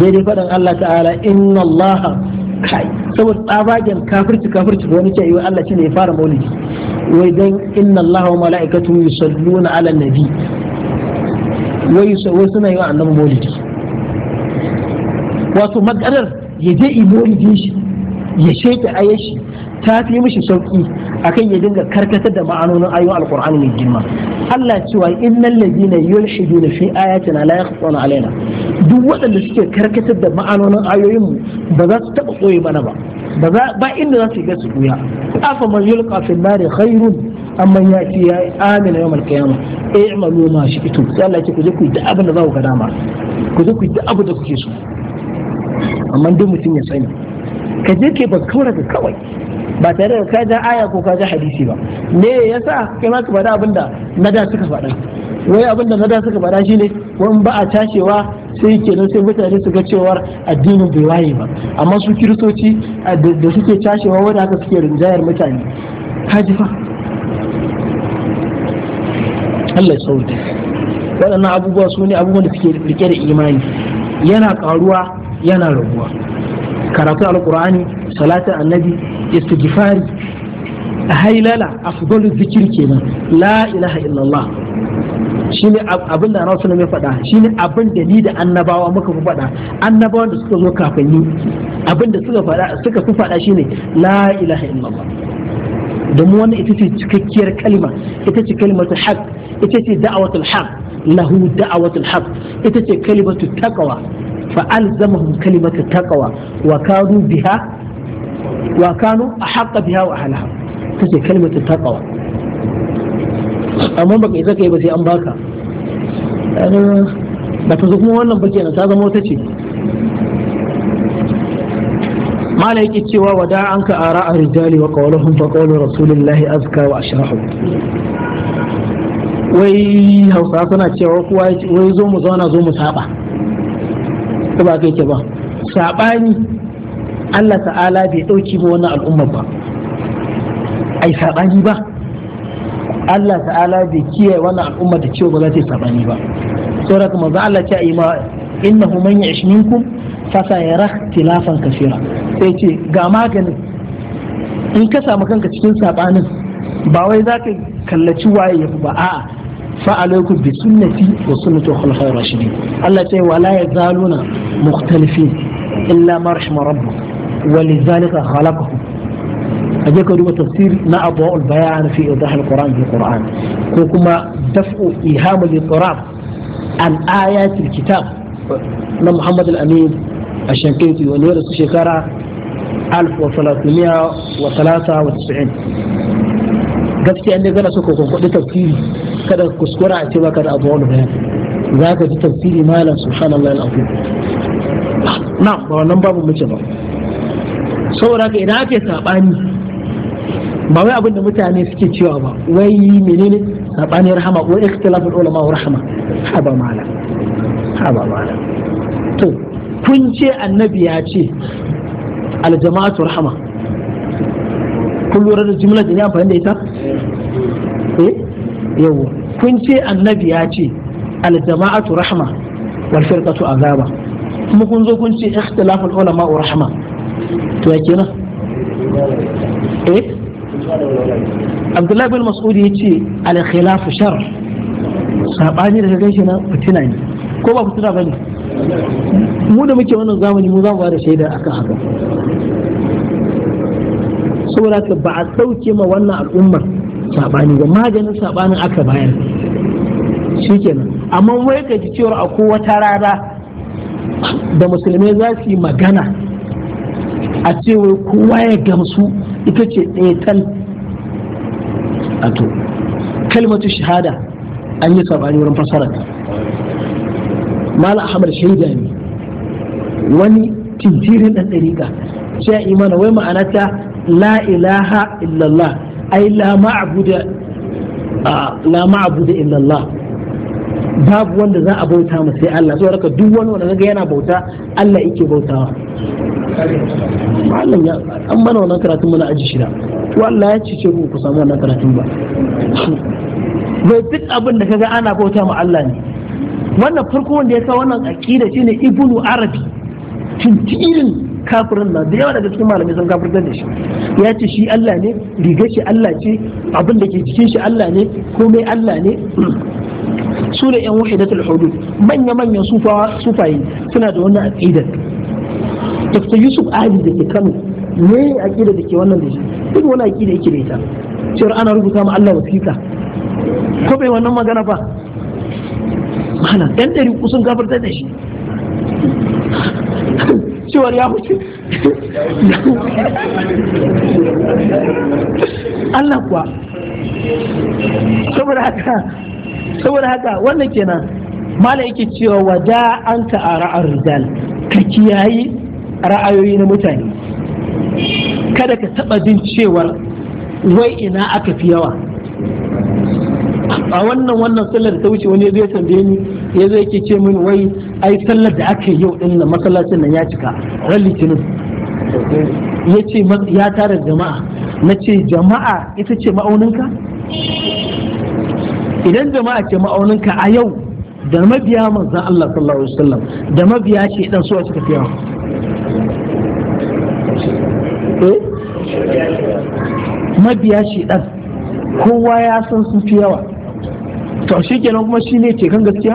daidai faɗin Allah ta'ala inna Allah kai saboda tsabagen kafirci kafirci wani ce yiwa Allah shine ya fara maulidi wai dan inna Allah wa mala'ikatu yusalluna ala nabi wai wai suna yiwa annabi maulidi wato maganar ya je i maulidin shi ya sheke ayashi ta fi mishi sauki akan ya dinga karkatar da ma'anonin ayoyin alqur'ani mai girma Allah cewa innal ladina yulhiduna fi ayatina la yakhfuna alaina duk waɗanda suke karkatar da ma'anonin ayoyin mu ba za su taba koyi mana ba ba inda za su ga su buya afa man yulqa fi nari khairun Amman ya ce ya amina yawmal qiyama eh amalu ma shi ito sai Allah ya ce ku je ku yi da abin da za ku ga dama ku je ku yi da abin da kuke so amma duk mutum ya sani ka je ke ba kaura da kawai ba tare da ka ja aya ko ka hadisi ba me yasa kai ma ka faɗa abinda na da suka faɗa wai abinda na da suka faɗa shine wani ba a tashewa sai kenan sai mutane su ga cewar addinin bai waye ba amma su kiristoci da suke tashewa wanda haka suke rinjayar mutane fa Allah ya saurata waɗannan abubuwa su ne abubuwan da suke rike da imani yana ƙaruwa yana rabuwa. karatun alkur'ani salatin annabi istighfari hailala afdalu zikir kenan la ilaha illallah shine abin da Annabi sallallahu faɗa shine abin da ni da annabawa muka fi faɗa annabawan da suka zo kafin ni abin da suka faɗa suka fi faɗa shine la ilaha illallah domin wannan ita ce cikakkiyar kalma ita ce kalmatu haq ita ce da'awatul haq lahu da'awatul haq ita ce kalimatu takawa. فألزمهم كلمة التقوى وكانوا بها وكانوا أحق بها وأهلها تسي كلمة التقوى أمام بك إذا كيف سي أمباكا أنا ما تزقمو أنا بكي أنا تازمو تشي ما لك إتشي ووداع عنك آراء الرجال وقولهم فقول رسول الله أزكى وأشرحه وي هو صاحبنا تشي وقوى وي زوم زونا زوم صاحبه ko ba kai ke ba sabani Allah ta'ala bai dauki ba wannan al'umma ba ai sabani ba Allah ta'ala bai kiyaye wannan al'umma da cewa ba za ta yi sabani ba saboda kuma za Allah ta yi ma innahu man ya'ish minkum fa sayara tilafan kaseera sai ce ga maganin in ka samu kanka cikin sabanin ba wai za ka kallaci waye ba a'a فعليكم بسنتي وسنة الخلفاء الراشدين الله تعالى ولا يزالون مختلفين إلا ما رحم ربه ولذلك خلقهم أجيك دوبة تفسير ما أضواء البيان في إيضاح القرآن في القرآن كما دفع إيهام الاضطراب عن آيات الكتاب محمد Muhammad al-Amin a Shankaiti wani ya rasu shekara 1393 gaskiya inda gana suka kwankwaɗi kada kuskura a ce baka da abu wani bayan za ka ji tafsiri malam subhanallah al'afu na ba wannan babu mace ba saboda ka idan ake saɓani ba wai abin da mutane suke cewa ba wai menene saɓani rahama wai ikhtilafin ulama wa rahama haba mala haba mala to kun ce annabi ya ce aljama'atu rahama kun lura da jumlar da ne amfani da ita eh yawwa kun ce annabi ya ce aljama'atu rahma wal firqatu azaba kuma kun zo kun ce ikhtilaful ulama rahma to ya na? eh Abdullahi bin Mas'ud ya ce al-khilafu shar sabani da gaishe na fitina ne ko ba fitina bane mu da muke wannan zamani mu za mu da shaida akan haka saboda ba a dauke ma wannan al'ummar sabani ba maganin sabanin aka bayar shikenan amma wai ka ji cewar ko wata rana da musulmai za su yi magana a cewar kowa ya gamsu ita ce ɗaya a to kalmatu shahada an yi sabani wurin fasarar mala ahmad shaida ne wani tintirin ɗan ɗariƙa sai imana wai ma'anata la ilaha illallah ai la ma'budu la illallah babu wanda za a bauta mu sai Allah so haka duk wani wanda yana bauta Allah yake bautawa mallam ya an mana wannan karatun muna aji shida to Allah ya cece ku ku samu wannan karatun ba bai duk abin da kaga ana bauta ma Allah ne wannan farko wanda ya sa wannan aqida shine ibnu arabi tintirin kafirin na da yawa daga cikin malamai sun kafirtar da shi ya ce shi Allah ne riga shi Allah ce abin da ke cikin shi Allah ne komai Allah ne su ne yan wahidatul hudud manya manyan sufaye suna da wannan aqidar Dr. Yusuf Ali da ke Kano ne aqidar da ke wannan da shi duk wani aqida yake da ita cewar ana rubuta ma Allah wasiƙa ko bai wannan magana ba mana yan ɗari kusan gafartar da shi cewar ya huce Allah kuwa saboda haka saboda haka wannan kenan mala yake cewa wada an ka a ra'ar ka kiyayi ra'ayoyi na mutane kada ka taɓa jin cewar wai ina aka fi yawa a wannan wannan sallar ta wuce wani zai tambaye ni ya zai ke ce min wai ai sallar da aka yi yau din nan masallacin nan ya cika ran litinin ya ce ya tara jama'a na ce jama'a ita ce ma'auninka idan jama'a ce ma'auninka a yau da mabiya manzan Allah sallallahu alaihi wasallam da mabiya shi dan suwa suka fiya eh? mabiya shi dan kowa ya san sun fi yawa to shi kenan kuma shi ne kan gaskiya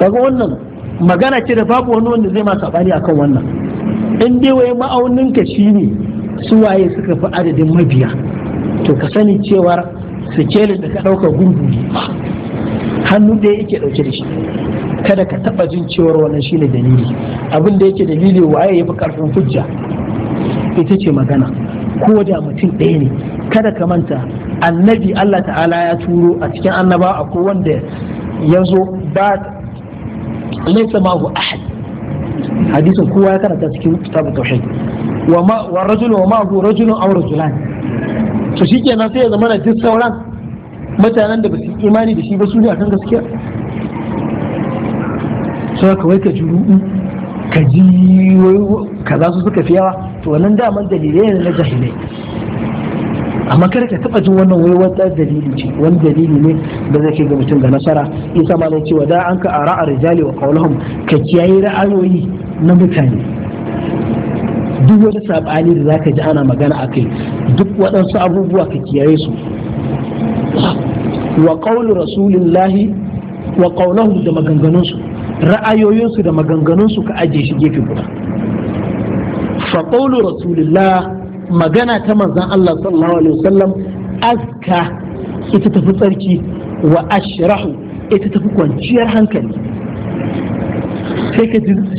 daga wannan magana ce da babu wani wanda zai ma sabani akan wannan in dai wai ma'auninka shi ne su waye suka fi adadin mabiya to ka sani cewar sikelin da ka ɗauka gungu ne hannu ɗaya yake ɗauke da shi kada ka taɓa jin cewar wannan shine dalili abin da yake dalili waye ya fi ƙarfin hujja ita ce magana ko da mutum ɗaya ne kada ka manta annabi Allah ta'ala ya turo a cikin annaba ko wanda ya zo ba laisa ma'ahu ahad hadisin kowa ya karanta cikin kitabu tauhid wa rajulun wa ma'ahu rajulun aw rajulan to kenan sai ya zama na duk sauran mutanen da ba su imani da shi ba su ne akan gaskiya sai ka wai ka juru ka ji su suka fi yawa to wannan daman dalilai ne na jahilai amma kada ka taba jin wannan wai wata dalili ce wani dalili ne da zai kai ga mutum da nasara isa ma ne cewa da an ka ara a rijali wa qaulahum ka kiyaye ra'ayoyi na mutane duk wani saɓani da zaka ji ana magana a kai duk waɗansu abubuwa ka kiyaye su wa qawlu rasulillahi wa qawluhu da maganganunsu ra'ayoyinsu da maganganunsu ka aje shi gefe guda fa qawlu rasulillah magana ta manzon Allah sallallahu alaihi wasallam aska ita tafi tsarki wa ashrahu ita tafi kwanciyar hankali sai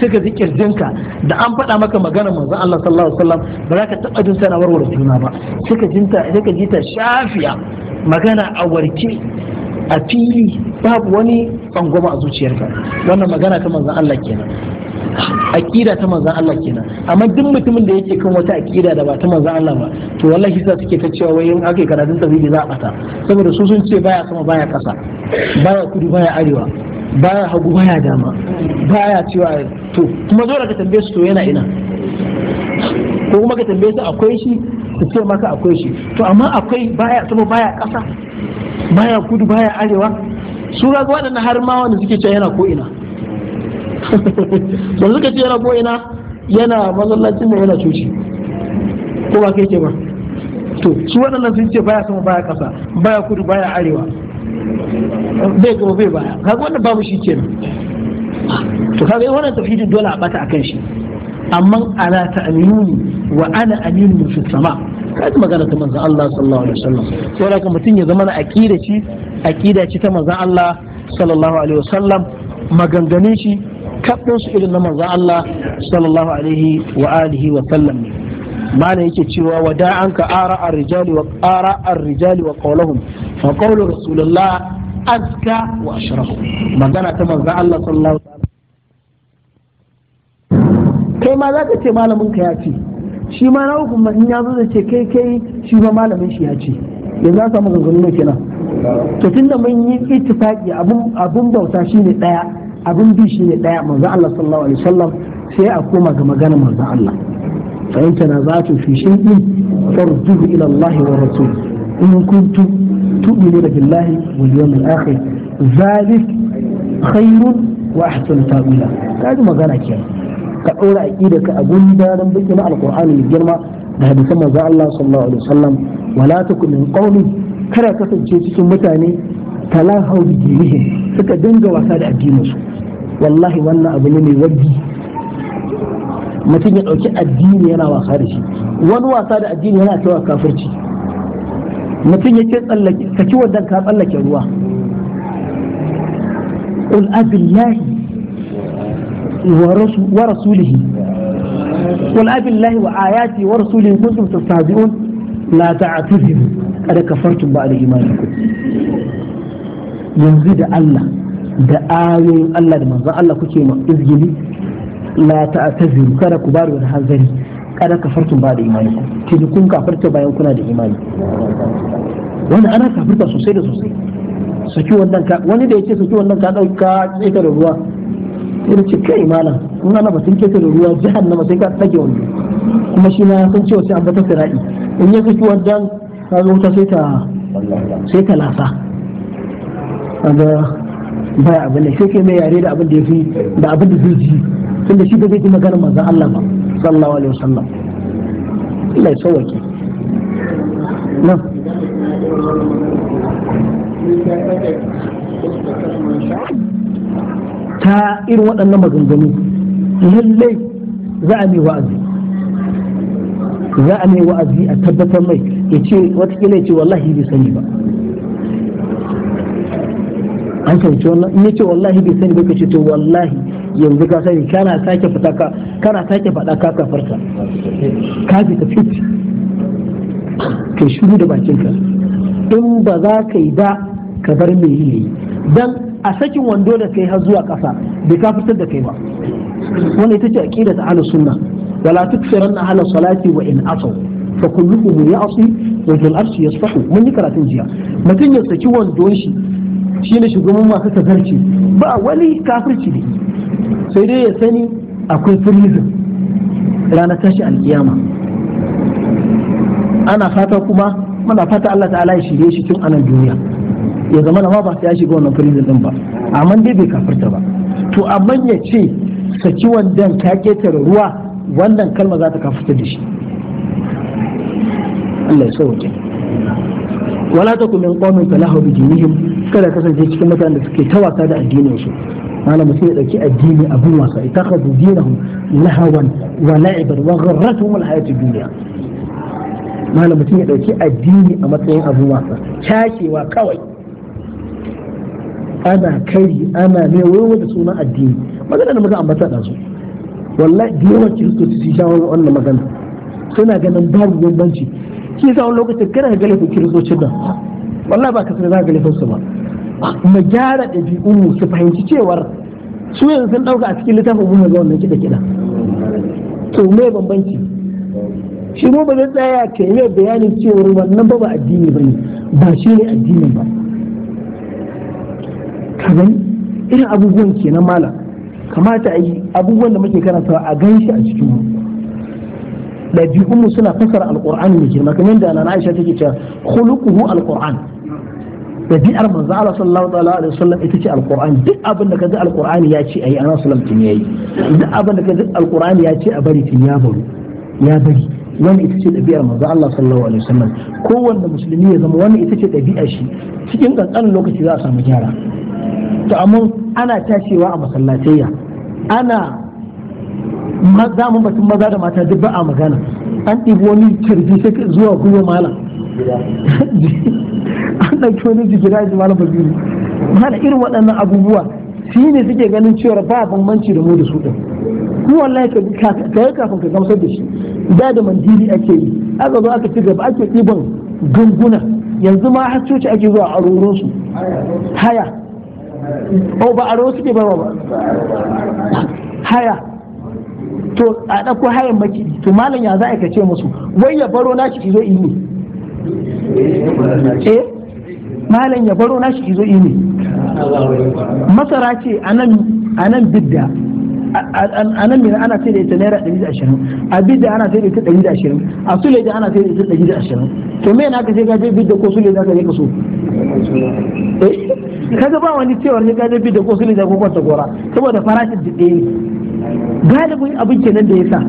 ka zikir jinka da an faɗa maka magana manzon Allah sallallahu alaihi wasallam ba za ka taɓa jin sana warware juna ba sai ka jinta sai ka ji ta shafiya magana a warke a fili babu wani tsangwama a zuciyarka wannan magana ta manzon Allah kenan aqida ta manzon Allah kenan amma duk mutumin da yake kan wata aqida da ba ta manzon Allah ba to wallahi sai suke ta cewa wai in aka yi karatun tafsiri za a bata saboda su sun ce baya sama baya kasa baya kudu baya arewa baya hagu baya dama baya cewa to kuma zo daga tambaye su to yana ina ko kuma ka tambaye su akwai shi ka ce maka akwai shi to amma akwai baya sama baya kasa baya kudu baya arewa su ga waɗannan har ma wanda suke cewa yana ko ina ba suka ce yana ko ina yana mazallacin da yana coci ko ba kai ke ba to su waɗannan sun ce baya sama baya kasa baya kudu baya arewa bai gaba bai baya kaga wannan babu shi kenan to kaga wannan tauhidin dole a bata akan shi amma ala ta'minuni wa ana aminun fi sama kaji magana ta manzon Allah sallallahu alaihi wasallam sai da mutum ya zama na aqida ci aqida ci ta manzon Allah sallallahu alaihi wasallam maganganun shi kaɗin su irin na manzon Allah sallallahu alaihi wa alihi wa sallam ne mana yake cewa wa da an ka ara ar-rijali wa qara ar-rijali wa qawluhum fa qawlu rasulullah azka wa ashrafu magana ta manzo Allah sallallahu alaihi kai ma zaka ce malamin ka ya ce shi ma na hukum in ya zo da ce kai kai shi ma malamin shi ya ce yanzu an samu gangan ne kenan to tunda mun yi ittifaqi abun abun bauta shine daya abun bi shine daya manzo Allah sallallahu alaihi wasallam sai a koma ga magana manzo Allah فإن تنازعتم في شيء فارجوه إلى الله ورسوله إن كنتم تؤمنون بالله واليوم الآخر ذلك خير وأحسن تأويلا هذا ما قال أكيد كأولا أكيد كأقول دانا بكنا القرآن الجرمى da hadisan manzo Allah sallallahu alaihi wasallam wala takun min qawmi kada kasance cikin mutane talahu bi dinihim suka dinga wasa da addinin su wallahi wannan abu ne mai wajji mutum ya ɗauki addini yana wasa da shi wani wasa da addini yana cewa kafirci mutum ya ce ka ci wannan ka tsallake ruwa qul abillahi wa rasulihi qul abillahi wa ayati wa rasulihi kuntum tastahzi'un la ta'tazim kada kafartum ba'da imanikum yanzu da Allah da ayoyin Allah da manzon Allah kuke ma izgili la ta'taziru kada ku bada wani hanzari kada farkin ba da imani tuni kun kafarta bayan kuna da imani Wani ana kafarta sosai da sosai saki wannan ka wani da yake saki wannan ka dauka tsaka da ruwa sai ce kai imana kun ana batun keta da ruwa jahannama sai ka tsage wani kuma shi na san cewa sai an bata sirai in ya saki wannan ka zo ta sai ta sai ta lasa kaga ba abin da sai kai mai yare da abin da yafi da abin da zai ji da shi ba zai ji maganar manzon Allah ba sallallahu alaihi wasallam Allah ya sauwake nan ta irin waɗannan maganganu lallai za a mai wa'azi za a mai wa'azi a tabbatar mai ya ce watakila ya ce wallahi bai sani ba an fahimci wannan in ya ce wallahi bai sani ba ka ce to wallahi yanzu ka sani kana sake fita ka kana sake faɗa ka kafarta ka fi ka fit ka shiru da bakinka in ba za ka yi da ka bar mai yi dan a sakin wando da kai har zuwa ƙasa bai ka fitar da kai ba wannan ita ce aqida ta ahlus sunna wala tukfiranna ahla salati wa in asaw fa kulluhum ya'si wa fil arshi yasfahu mun yi karatun jiya mutum ya saki wandon shi shine shugaban masu tazarci ba wani kafirci ne sai dai ya sani akwai firizin ranar tashi alkiyama ana fata kuma muna fata Allah ta'ala ya shirye shi tun anan duniya ya zama na ba sai ya shiga wannan firizin din ba amma dai bai kafirta ba to amma ya ce saki wandan ka ketare ruwa wannan kalma za ta kafirta da shi Allah ya ke. wala takum min ta talahu bi jinihim kada kasance cikin mutanen da suke ta wasa da addinin su malam sai ya dauki addini abin wasa itakhadhu dinahum lahawan wa la'iban wa gharratuhum alhayatu dunya malam mutum ya dauki addini a matsayin abin wasa cakewa kawai ana kai ana ne waiwa da sunan addini magana da muka ambata da su wallahi da yawan kiristoci su sha wannan suna ganin babu bambanci shi yasa wani lokacin kana ga laifin kiristocin nan ba ka sanar za su ba mu gyara ɗabi'unmu su fahimci cewar su yanzu sun ɗauka a cikin littafin mu ga wannan kiɗa kiɗa to me bambanci shi mu ba zai tsaya ka yi bayanin cewar wannan ba ba addini ba ne ba shi ne addini ba kaman irin abubuwan kenan mala kamata a yi abubuwan da muke karantawa a gan a cikin mu ɗabi'unmu suna fasara alƙur'ani ne girma kamar yadda na Aisha take cewa khuluquhu alƙur'an dabi'ar manzo Allah sallallahu alaihi wasallam ita ce alqur'ani duk abin da kaji alqur'ani ya ce ayi annabi sallallahu alaihi wasallam yayi duk abin da kaji alqur'ani ya ce a bari tin ya bari ya bari wannan ita ce dabi'ar manzo Allah sallallahu alaihi wasallam kowanne musulmi ya zama wannan ita ce dabi'ar shi cikin kankanin lokaci za a samu gyara to amma ana tashewa a masallatayya ana maza mun batun maza da mata duk ba a magana an ɗibo wani kirji zuwa gwiwa malam an ɗauki wani jigida da malam basiru mana irin waɗannan abubuwa shi ne suke ganin cewa ba bambanci da mu da su ɗin kuma wallahi ka yi kafin ka gamsar da shi da da mandili ake yi aka zo aka ci gaba ake ɗiban gunguna yanzu ma har coci ake zuwa a roronsu haya o oh, ba a roro suke ba ba haya to a ɗauko hayan maki to malam ya za a ce musu wai ya baro na ciki zo yi eh malam ya baro nashi izo ne masara ce a nan bidda a nan mina ana sai da ita naira ɗari ashirin a bidda ana sai da ita ɗari ashirin a sule da ana sai da ita ɗari ashirin to me na ka sai ka je bidda ko sule za ka je ka so eh, kaga ba wani cewar ne ka je bidda ko sule za ka kwanta gora saboda farashin da ɗaya ne galibin abin kenan da ya sa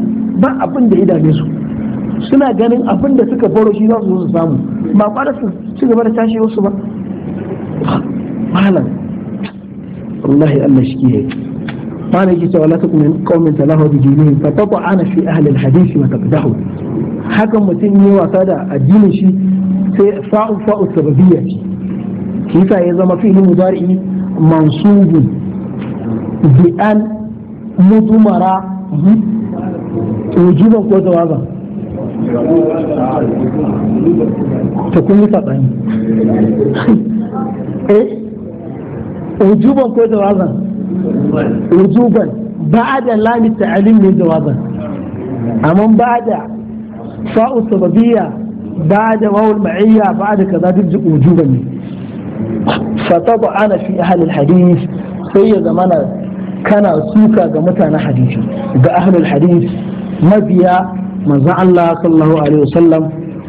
ba abin da ya dame su suna ganin abin da suka baro shi za su zo su samu ba kwada su ci gaba da tashi wasu ba malam wallahi Allah shi ke قال يجي ولا تكن من قوم ana fi فتطعن في اهل الحديث وتقدحوا hakan mutum ne wasa da addinin shi sai fa'u fa'u sababiyya ce kisa ya zama fi'il mudari mansubu bi an mudumara hmm, wujuban ko jawaban ta kun yi saɓani eh wujuban ko jawazan wujuban ba'ada lamin ta'alim ne jawazan amma ba'ada fa'u sababiyya ba'ada wawul ma'iyya ba'ada kaza duk wujuban ne fatabu ana fi ahlul hadith sai ya zamana kana suka ga mutanen hadisi ga ahlul hadith mabiya manzon Allah sallallahu alaihi wasallam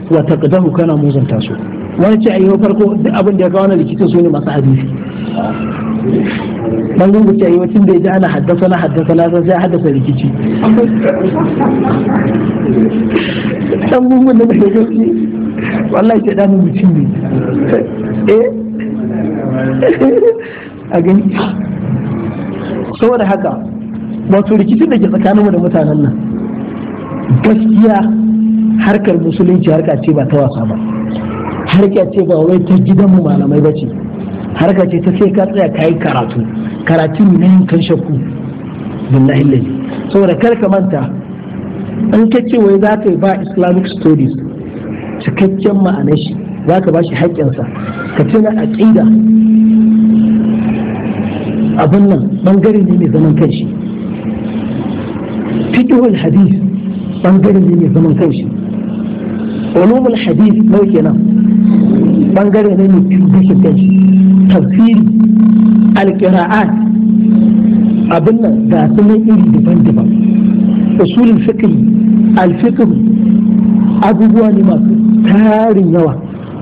wa taqdahu kana muzanta su wani ce ayyo farko duk abin da ya kawo na likitan su ne masu hadisi dan gungu ce ayyo tun da ya ji ana haddasa na haddasa na sai ya haddasa rikici dan gungu da bai gaske wallahi ce dan mutum ne eh a gani saboda haka wato rikicin da ke tsakaninmu da mutanen nan gaskiya harkar musulunci harka ce ba ta wasa ba harka ce ba wai ta gidan mu malamai ba ce harka ce ta sai ka tsaya ka yi karatu karatu ne na yin kan shakku billahi lalli saboda kar ka manta an kace wai za ka ba islamic studies cikakken ma'anar shi za ka ba shi haƙƙinsa ka tuna aƙida abin nan bangare ne mai zaman kanshi fiqhul hadith bangare ne mai zaman kanshi ulumul hadith nau kenan bangare ne mai kishin kanshi tafsiri alqira'at abin nan ga su iri daban-daban usulul fiqh al-fiqh abubuwa ne masu tarin yawa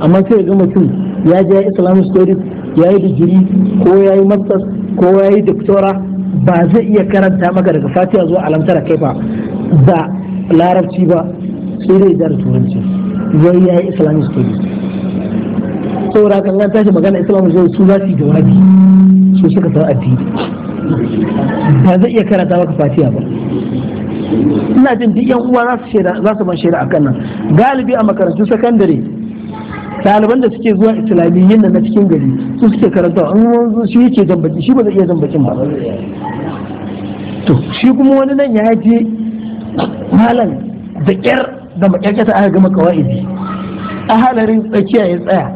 amma sai ga mutum ya je islamic studies ya yi digiri ko ya yi masters ko ya yi doctora ba zai iya karanta maka daga fatiha zuwa alamtara kai ba da larabci ba sai dai da turanci wai ya yi islamic studies saboda kan an tashi magana islamic zai su za su yi jawabi su suka san addini ba zai iya karanta maka fatiha ba ina jin duk yan uwa za su shaida za su ban shaida akan nan galibi a makarantun sakandare ɗaliban da suke zuwa islamiyyin da na cikin gari su suke karanta an wanzu shi yake zambaki shi ba zai iya zambakin ba to shi kuma wani nan ya je malam da kyar da makyarkata aka gama kawaizi a halarin tsakiya ya tsaya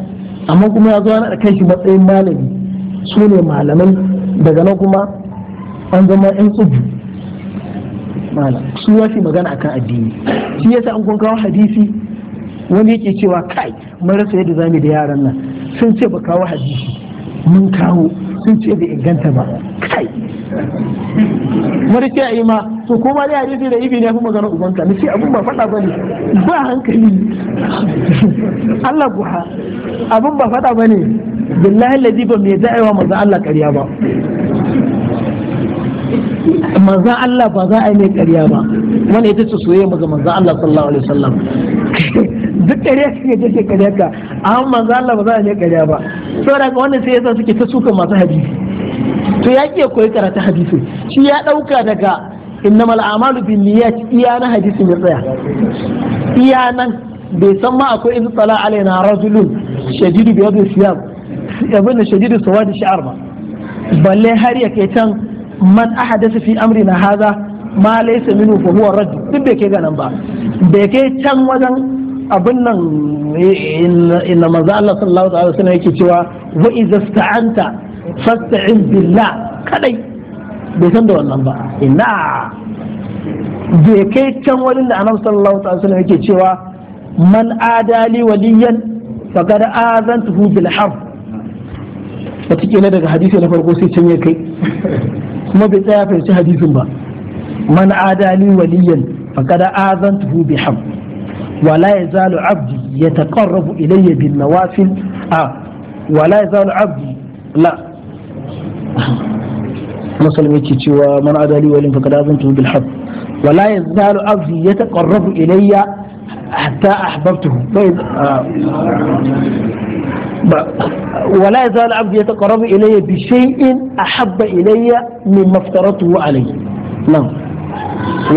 amma kuma ya zo na kan shi matsayin malami su ne malaman daga nan kuma an zama yan tsubu malam su ya fi magana akan addini shi yasa an kun kawo hadisi wani yake cewa kai mun rasa yadda zamu da yaran nan sun ce ba kawo hadisi mun kawo sun ce bai inganta ba kai a yi ma to kuma dai hadisi da ibi ne fi magana ubanka nace abun ba fada bane ba hankali Allah guha abun ba fada bane billahi ladhi ba mai da'awa manzo Allah kariya ba manzo Allah ba za a yi mai kariya ba wani ita ce soyayya maza manzo Allah sallallahu alaihi wasallam duk ƙarya suke je ke a ka amma manzan Allah ba za a yi mai ƙarya ba saboda wannan sai yasa suke ta suka masu hadisi to ya ke koyi karatu hadisi shi ya dauka daga innamal a'malu bin niyyat iya na hadisi ya tsaya iya nan bai san ma akwai in tsala alaina rajulun shadidu bi yadu siyab abin da shadidu sawadi sha'ar ba balle har ya kai can man ahadasa fi amri na haza ma laysa minhu fa huwa rajul duk bai kai ganan ba bai kai can wajen abin nan eh, inna manzo Allah sallallahu alaihi wasallam yake cewa wa idza sta'anta fasta'in billah kadai bai san da wannan ba ina je kai can wani da annabi sallallahu alaihi wasallam yake cewa man adali waliyan faqad azantuhu bil harb wataƙila daga hadisi na farko sai can ya kai kuma bai tsaya fahimci hadisin ba man adali waliyan faqad azantuhu bi harb ولا يزال عبدي يتقرب إلي بالنوافل آه ولا يزال عبدي لا musulmi yake cewa man adali walin fa kada zantu bil haq wala yazalu abdi yataqarrabu ilayya hatta ahbabtuhu ولا يزال عبدي يتقرب إلي بشيء أحب إلي مما افترضته عليه نعم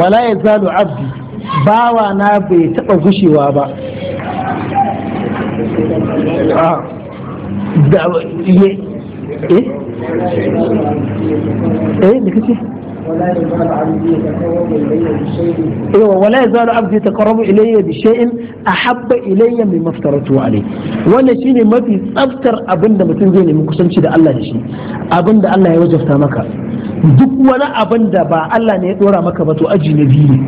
ولا يزال عبدي باوى نابي تقفشي وابا آه. ايه eh da kace ايوه ولا يزال عبدي يتقرب الي بشيء احب الي مما افترضته عليه wannan shine mafi tsaftar abinda mutum zai nema kusanci da Allah da shi abin da Allah ya wajabta maka duk wani abin da ba Allah ne ya dora maka ba to aji na biyu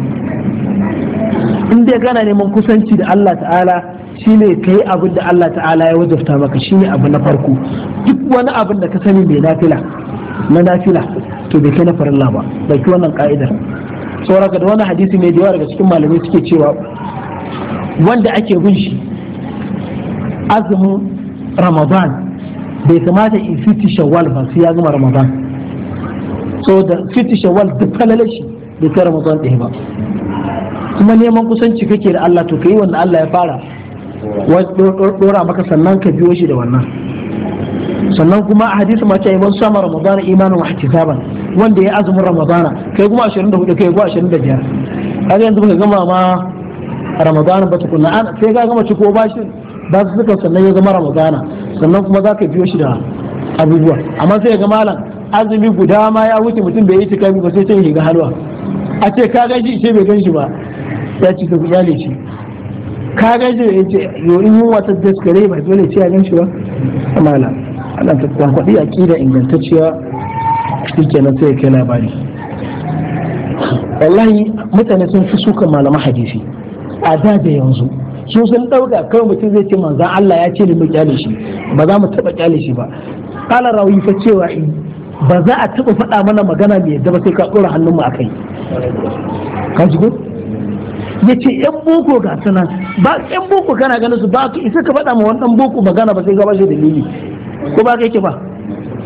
in dai kana neman kusanci da Allah ta'ala ne ka yi abin da Allah ta'ala ya wajabta maka shi ne abu na farko duk wani abin da ka sani mai nafila na nafila to bai kai na farin ba da wannan ka'idar sauraka da wani hadisi mai yawa daga cikin malamai suke cewa wanda ake bin shi azumin ramadan bai kamata in fiti shawal ba sai ya zama ramadan so da fiti shawal duk falalar shi bai kai ramadan ɗaya ba kuma neman kusanci kake da Allah to kai wanda Allah ya fara dora maka sannan ka biyo shi da wannan sannan kuma a hadisi ma ce ban sama ramadana imanin wa ihtisaban wanda ya azumin ramadana kai kuma 24 kai kuma 25 kaga yanzu baka gama ma ramadana ba tukunna an sai ka gama ciko ko bashi ba su suka sannan ya zama ramadana sannan kuma za ka biyo shi da abubuwa amma sai ga malam azumi guda ma ya wuce mutum bai yi tikami ba sai ce ga halwa a ce ka gaji ce bai gan shi ba ya ci ta guda shi ka ga ya ce yori yunwa ta daskare ba dole ce a gan shi ba amana ana ta kwankwaɗi a kira ingantacciya shi na sai ya kai labari wallahi mutane sun fi suka malama hadisi a da da yanzu su sun ɗauka kawai mutum zai ce manzan Allah ya ce ni mu kyale shi ba za mu taɓa kyale shi ba kala rawi fa cewa ba za a taɓa faɗa mana magana mai yadda ba sai ka ɗora hannunmu a kai ka ji ko ya ce yan boko ga suna ba yan boko kana ganin su ba ka isa ka faɗa ma wannan boko magana ba sai gaba shi dalili ko ba ka yake ba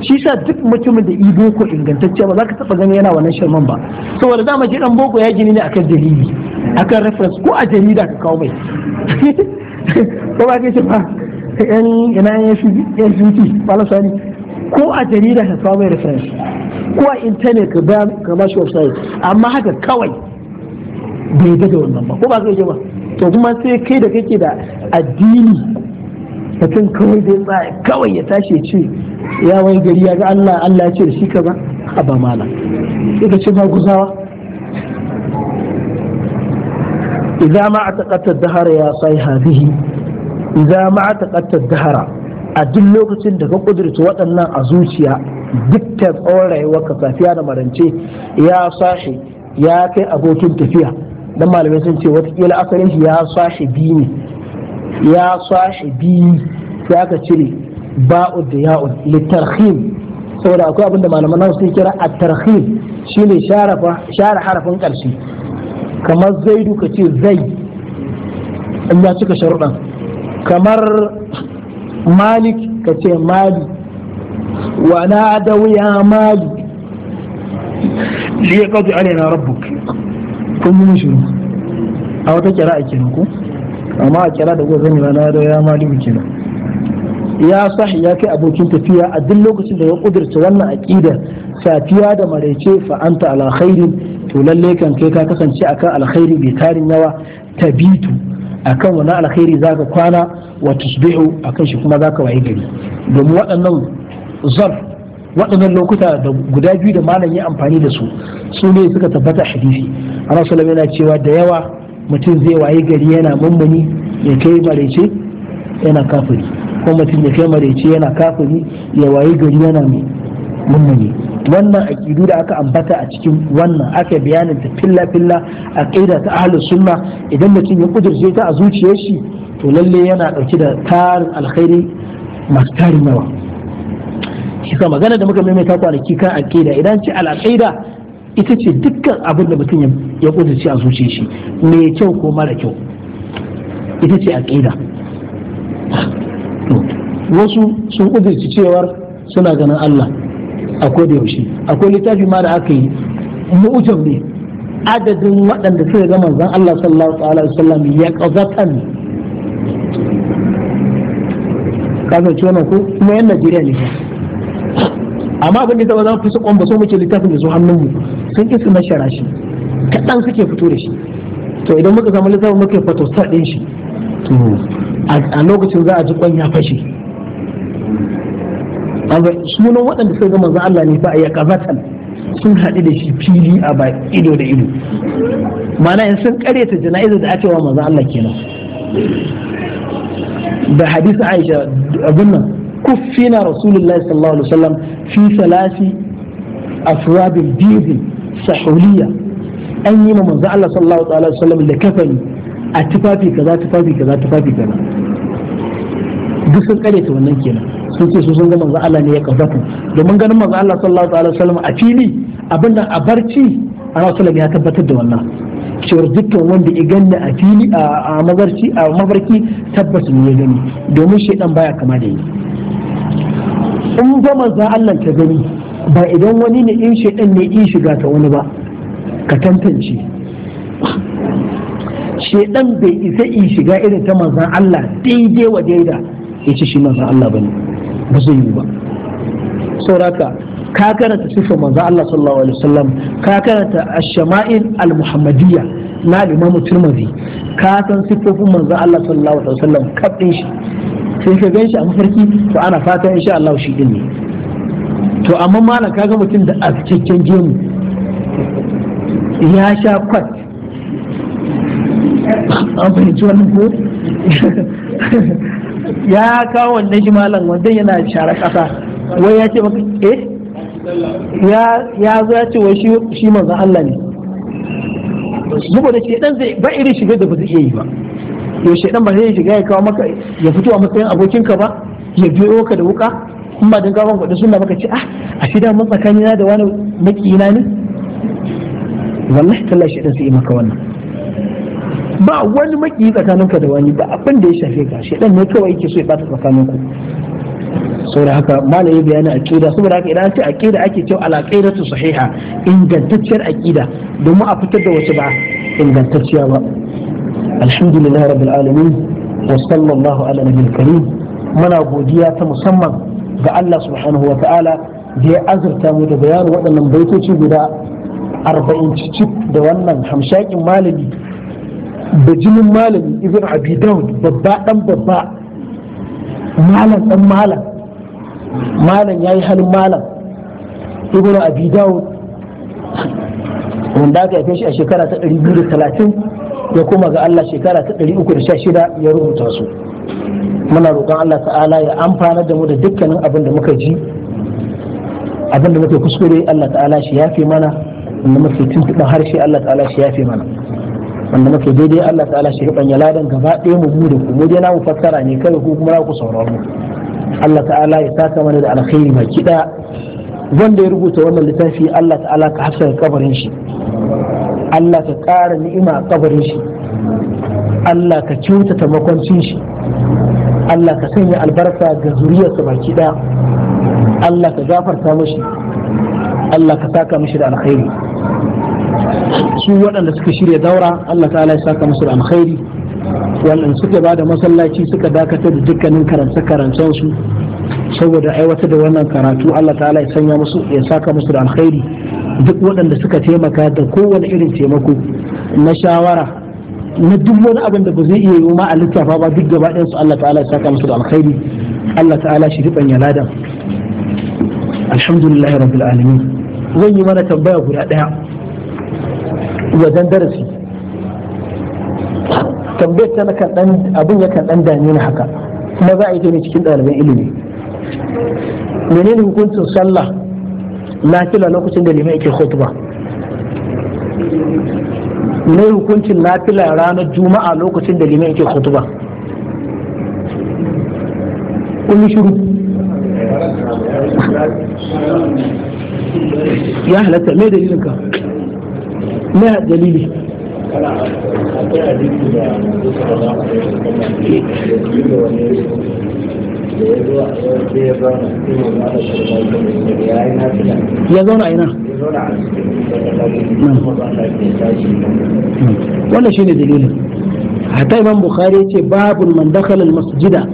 shi sa duk mutumin da i boko ingantacce ba za ka taɓa gani yana wannan shirman ba saboda mu shi dan boko ya gini ne akan dalili akan reference ko a jarida ka kawo mai ko ba ka yake ba yan ina yan shuti sani, ko a jarida ka kawo mai reference ko a intanet ka ba shi website amma haka kawai bai yadda da wannan ba ko ba zai ba to kuma sai kai da kake da addini mutum kawai zai tsaya kawai ya tashi ya ce ya wai gari ya ga Allah Allah ya ce da shi ka ba a ba mala sai ka ce ba guzawa idan ma ataqatta dahara ya sai hadihi idan ma ataqatta dahara a duk lokacin da ka kudurta waɗannan a zuciya duk ta tsawon rayuwar ka safiya da marance ya sashi ya kai abokin tafiya dan malamai sun ce watakila asalin shi ya swashe biyu ne ya swashe biyu sai aka cire ba'u da ya'ud litarhim saboda akwai abin da malaman nan sun kira at-tarhim shine share harafin karshe kamar zaidu ka ce zai in ya cika sharuɗan kamar malik ka ce mali wa na ya mali liya alaina rabbuk kun yi shiru a wata kira a kenan ko amma a kira da kuwa zani rana da ya malibu kenan ya sahi ya kai abokin tafiya a duk lokacin da ya kudurta wannan aqida safiya da maraice fa anta ala khairin to lalle kan kai ka kasance akan alkhairi bi tarin yawa tabitu akan wani alkhairi zaka kwana wa tusbihu akan shi kuma zaka waye gari domin waɗannan zarf waɗannan lokuta da guda biyu da malam ya amfani da su su ne suka tabbata hadisi ana so yana cewa da yawa mutum zai waye gari yana mummuni ya kai maraice yana kafiri ko mutum ya kai maraice yana kafiri ya waye gari yana mummuni wannan aƙidu da aka ambata a cikin wannan aka bayanin ta filla filla aqida ta ahlus sunna idan mutum ya kudurce ta a zuciyar shi to lalle yana ɗauke da tarin alkhairi masu tarin yawa kisa magana da muka maimaita kwanaki kan aqida idan ce al-aqida ita ce dukkan abin da mutum ya kudurci a zuciyar shi mai kyau ko mara kyau ita ce aqida wasu sun kudurci cewar suna ganin Allah akwai da yaushe akwai littafi ma da aka yi mu'jam ne adadin waɗanda suka ga manzon Allah sallallahu alaihi wasallam ya qazatan ce cewa ko kuma yan Najeriya ne amma abin da zama za fi sakon ba so muke littafin da zo hannunmu sun isa na mashara shi kaɗan suke fito da shi to idan muka samu littafin muka fatostar ɗin shi a lokacin za a ji kwan ya fashe sunan waɗanda suka ga manzo Allah ne ba a yakazatan sun haɗu da shi fili a ba ido da ido mana in sun karyata jana'izar da a cewa manzo Allah kenan da hadisi Aisha abin nan kuffina رسول sallallahu alaihi الله fi salasi في ثلاث sahuliya an yi ma manzo Allah sallallahu alaihi الله عليه وسلم a tufafi kaza tufafi kaza tufafi kaza كذا دسل kare ta wannan sun su sun ga manzo Allah ne ya kafafu domin ganin manzo Allah sallallahu alaihi wasallam a fili abinda a barci Rasulullah ya tabbatar da wannan cewar dukkan wanda ya ganni a fili a mazarci a mafarki tabbas ne ya gani domin ɗan baya kama da yi in zo manzan Allah ta gani ba idan wani ne in shi ne in shiga ta wani ba ka tantance shaidan bai isa in shiga irin ta manzan Allah daidai wa daida ya ce shi manzan Allah ne ba zai yi ba sauraka ka karanta sifa manzan Allah sallallahu alaihi wasallam ka karanta ash al-muhammadiyya na limamu turmazi ka san sifofin manzan Allah sallallahu alaihi wasallam kaɗin shi sai ka gan shi a mafarki to ana fatan insha Allah shi din ne to amma malam kaga mutum da askakken jemu ya sha kwat an fahimci wannan ko ya kawo wannan shi malam wanda yana share kasa wai ya ce maka eh ya zo ya ce wai shi manzon Allah ne da ke dan zai ba irin shiga da ba zai iya yi ba Yau shaidan ba zai shiga ya kawo maka ya fito a matsayin abokinka ba ya biyo ka da wuka in ba don gaban kuɗi suna baka ce ah a shi da tsakani na da wani makina ne wallahi tallahi shaidan sai maka wannan ba wani maki tsakaninka da wani ba abin da ya shafe ka shaidan ne kawai yake so ya bata tsakaninku saboda haka malam ya bayani ƙida saboda haka idan an ce aqida ake cewa al-aqidatu sahiha ingantacciyar aqida domin a fitar da wasu ba ingantacciya ba الحمد لله رب العالمين وصلى الله على نبي الكريم godiya ta musamman ga Allah subhanahu wa ta'ala da ya azurta mu da bayanin waɗannan baitoci guda arba'in cicif da wannan hamshakin malami da jinin malami ibn abi babba dan babba malam dan malam malam yayi halin malam ibn abi wanda aka haife shi a shekara ta talatin. ya koma ga Allah shekara ta 316 ya rubuta su muna roƙon Allah ta'ala ya amfana da mu da dukkanin abin da muka ji abin da muke kuskure Allah ta'ala shi ya fi mana wanda muke tuntuɓa harshe Allah ta'ala shi ya fi mana wanda muke daidai Allah ta'ala shi rubanya ladan gaba ɗaya mu mu da ku mu dai na mu fassara ne kai ku kuma ku sauraro mu Allah ta'ala ya saka mana da alkhairi ba kida wanda ya rubuta wannan littafi Allah ta'ala ka hasa kabarin shi Allah ka ƙara ni'ima a kabarin shi Allah ka kyautata makwancin shi Allah ka sanya albarka ga zuriyarsa baki ɗaya Allah ka gafarta mashi Allah ka saka mashi da alkhairi su waɗanda suka shirya daura Allah ta'ala ya saka musu da alkhairi Wannan suka ba da masallaci suka dakatar da dukkanin karance-karancen su saboda aiwatar da wannan karatu Allah ta'ala ya sanya musu ya saka musu da alkhairi duk waɗanda suka taimaka da kowane irin taimako na shawara na duk wani abin da ba zai iya yi ma a littafa ba duk gaba ɗayansu Allah ta'ala ya saka musu da alkhairi Allah ta'ala shi riɓanya ladan alhamdulillahi rabbil alamin zan yi mana tambaya guda ɗaya wajen darasi tambayar ta kan ɗan abin yakan ɗan dame ni haka kuma za a yi ne cikin ɗaliban ilimi menene hukuncin sallah nafila lokacin da liman yake khutba ne hukuncin nafila ranar juma'a lokacin da limai ke khutba kun shiru ya halatta me dalilin ka mai dalili akwai hadisi da ya zauna a ina wannan shine dalilin hatta imam bukhari ce babu man dakhala masjida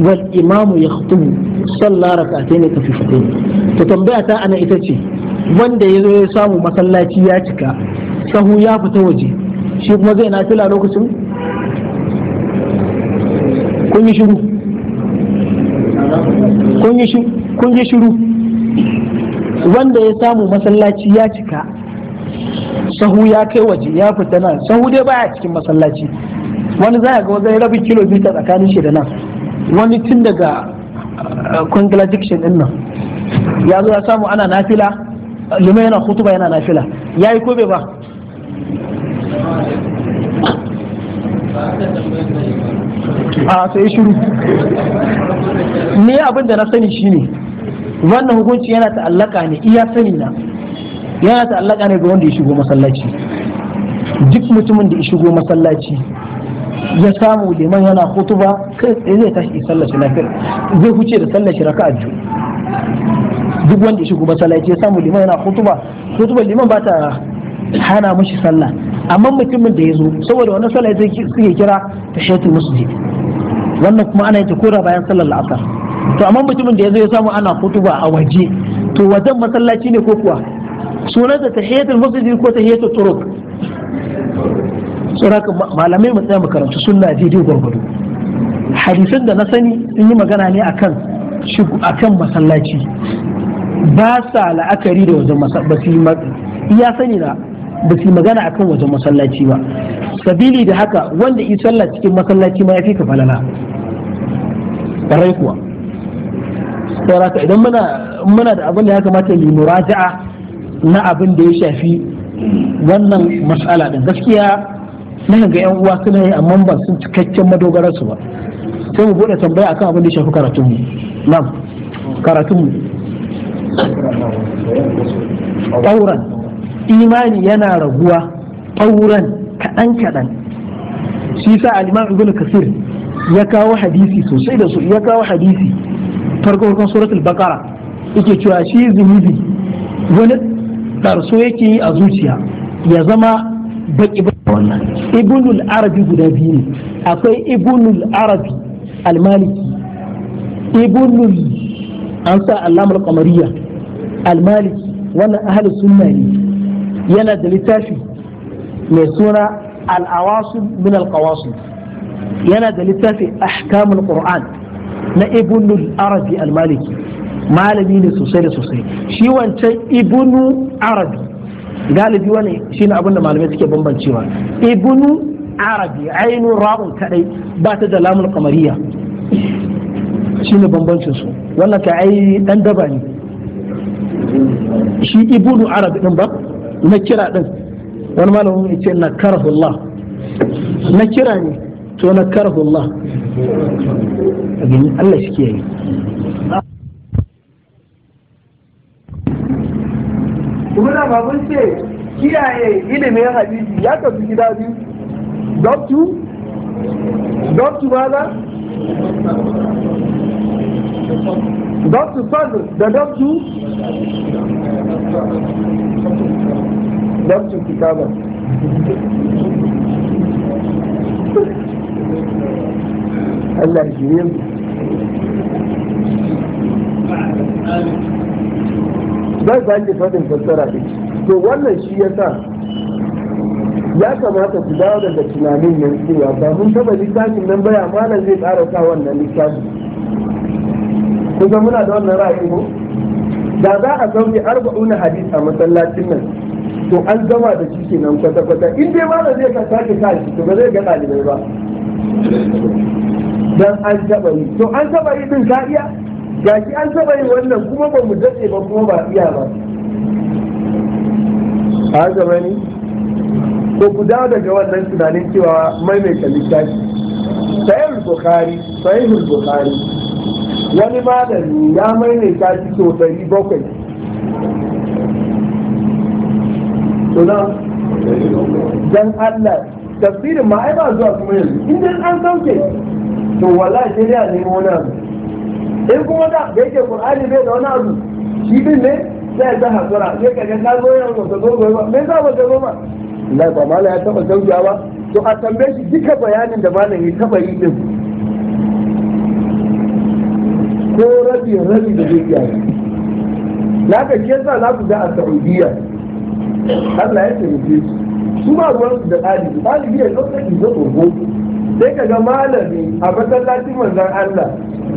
wal imamu yakhutubu sallah rak'atayn kafifatayn to tambaya ta ana ita ce wanda ya zo ya samu masallaci ya cika sahu ya fita waje shi kuma zai na fila lokacin kun yi shiru kun ji shiru wanda ya samu masallaci ya cika sahu ya kai waje ya fita nan sahu dai baya cikin masallaci wani za a ga wajen rabin kilomita tsakanin shi da nan wani tun daga uh, contradiction din nan ya zo ya samu ana nafila lumai yana hutuba yana nafila ya yi kobe ba a ah, sai shiru ni abin da na sani shine wannan hukunci yana ta'allaka ne iya sani na yana ta'allaka ne ga wanda ya shigo masallaci duk mutumin da ya shigo masallaci ya samu liman yana hutuba kai zai tashi sallaci lafiya zai huce da sallaci raka'a biyu duk wanda ya shigo masallaci ya samu liman yana hutuba hutuba liman ba ta hana mashi sallah amma mutumin da ya zo saboda wannan sallah zai kira ta shaitul masjid wannan kuma ana yin ta kora bayan sallar la'asar to amma mutumin da ya zo ya samu ana kutuba a waje to wajen masallaci ne ko kuwa sunan da tahiyatul masjid ko tahiyatul turuq sura malamai mu tsaya makarantu sunna ji dai gwargwado hadisin da na sani sun yi magana ne akan akan masallaci ba sa la'akari da wajen masallaci iya sani na ba su magana akan wajen masallaci ba sabili da haka wanda yi sallah cikin masallaci ma ya fi ka falala ƙwarai kuwa sauraka idan muna da abin da ya kamata yi muraja'a na abin da ya shafi wannan mas'ala din gaskiya na ga yan uwa suna yi amma ba sun cikakken madogarar su ba sai mu bude tambaya akan abin da ya shafi karatun mu na'am karatun mu tauran imani yana raguwa tauran kaɗan kaɗan shi sa al-imam ibnu kasir ya kawo hadisi sosai da su ya kawo hadisi farko farkon suratul bakara yake cewa shi zunubi wani ɗarso yake yi a zuciya ya zama baki ba. wannan ibnul arabi guda biyu ne akwai ibnul arabi almaliki ibnul an sa alamar kamariya almaliki wannan ahalus sunna ne yana da littafi mai suna al-awasul min al yana da littafi ahkamul qur'an na ibnu arabi al-maliki malami ne sosai da sosai shi wancan ibnu arabi galibi wani shine abin da malamai suke bambancewa ibnu arabi ainu ra'un kadai ba ta da lamul Shi shine bambancin su wannan ka ai dan daba ne shi ibnu arabi din ba na kira din wani malamin ya ce na na kira ne to na a gani Allah shi ke yi kuma da babun ce kiyaye ilimin hadisi ya tafi gida biyu doctor doctor maza doctor fadl da doctor doctor kitaba Allah ya shirye mu ba za ki faɗin fassara ɗin to wannan shi ya sa ya kamata ku dawo daga tunanin nan cewa ba mun taɓa littafin nan baya malam zai ƙara sa wannan littafin kusa muna da wannan ra'ayi ko da za a sauke na hadis a masallacin nan to an gama da shi kenan kwata-kwata in dai malam zai ka sake sa shi to ba zai ga ɗalibai ba dan an taba yi to an taba yi din ka iya gashi an taba yi wannan kuma ba mu dace ba kuma ba iya ba a gaba ne ko ku dawo daga wannan tunanin cewa maimaita littafi sahihul bukhari sahihul bukhari wani malami ya maimaita shi sau ɗari bakwai dan Allah tafsirin ma ai ba zuwa kuma yanzu in an sauke to wallahi sai ne a nemi wani abu in kuma da da yake qur'ani bai da wani abu shi din ne sai ta hasara sai ka ga ka zo yau ka ba me za ba zo ba ba mala ya taba zauja ba to a tambaye shi duka bayanin da malam ya taba yi din ko rabi rabi da zai yi na ka ke sa za ku ga a Saudiya Allah ya taimake su su ba ruwan su da ɗalibi ɗalibi ya ɗauka ɗin zo sai kaga malami a masallacin manzon Allah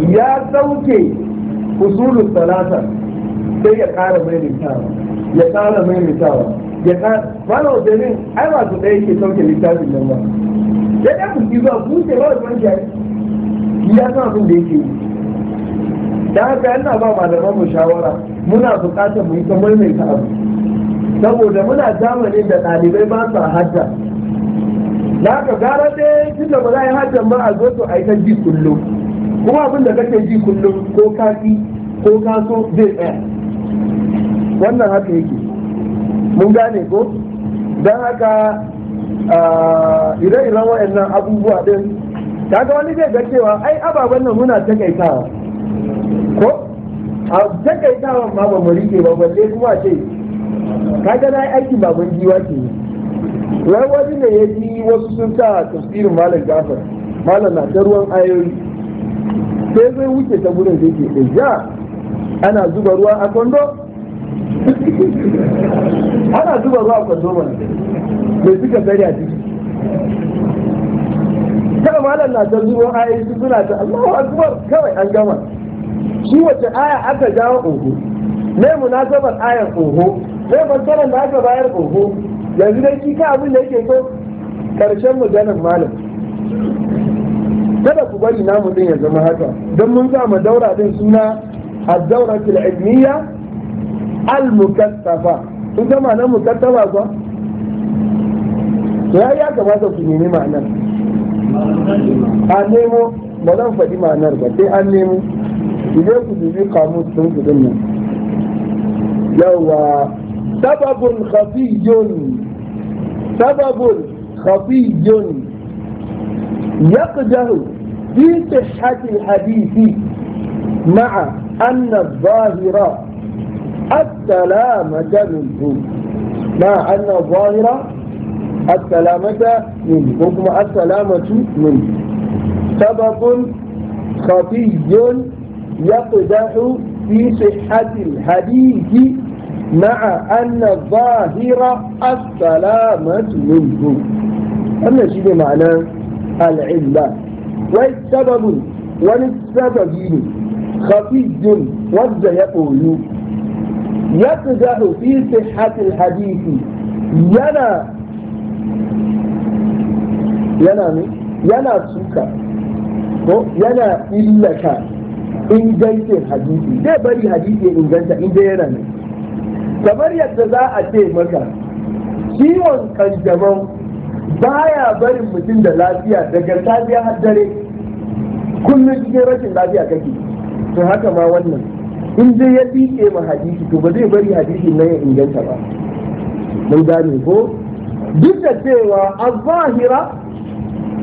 ya sauke usulun salata sai ya ƙara maimaitawa ya ƙara maimaitawa ya kara malam jamin ai ba su ɗaya ke sauke littafin nan ba ya ɗan fuski zuwa buce ba da ya ya san abin da yake yi da haka yana ba malaman mu shawara muna buƙatar mu yi ta maimaita abu saboda muna zamanin da ɗalibai ba sa hadda Na haka gara dai tunda ba za a yi hajjan ma a zo to a yi ta ji kullum kuma abin da kake ji kullum ko kafi ko kaso zai tsaya wannan haka yake mun gane ko don haka ire-iren waɗannan abubuwa ɗin kaga wani zai ga cewa ai ababen nan muna takaitawa ko a takaitawan ma ba mu rike ba balle kuma ce kaga na aiki baban giwa ke yi wai wani ne ya ji wasu sun sa tafsirin malam gafar malam na ta ruwan ayoyi sai zai wuce ta gudun da yake ja ana zuba ruwa a kwando ana zuba ruwa a kwando mana mai suka gari a ciki kada malam na ta zuwa ayoyi su suna ta Allahu akbar kawai an gama shi wace aya aka jawo oho ne munasabar ayar oho ne fassarar da aka bayar oho yanzu dai kika abin da yake so karshen maganar malam kada ku bari namu din ya zama haka don mun sa daura din suna ad-dauratul ilmiya al-mukattafa in ga ma'anar mukattafa ba to ya ya kamata ku nemi ma'anar a nemo ba zan faɗi ma'anar ba sai an nemo ku je ku dubi kamus din ku din nan yawa سبب خفي سبب خفي يقدر في صحة الحديث مع أن الظاهر السلامة منه مع أن الظاهر السلامة منه حكم السلامة منه سبب خفي يقدح في صحة الحديث مع أن ظاهر السلامة منه أما شيء معنى العلة والسبب والسبب خفي والزيقول يبدأ في صحة الحديث ينا ينا من؟ ينا سوكا ينا إلا كان إن جيت الحديث ده بري حديث إن جيت إن جيت kamar yadda za a ce maka ciwon kanjamau baya barin mutum da lafiya daga safiya har dare kullum cikin rashin lafiya kake to haka ma wannan in dai ya liƙe ma hadisi to ba zai bari hadisi na ya inganta ba mun gane ko duk da cewa az-zahira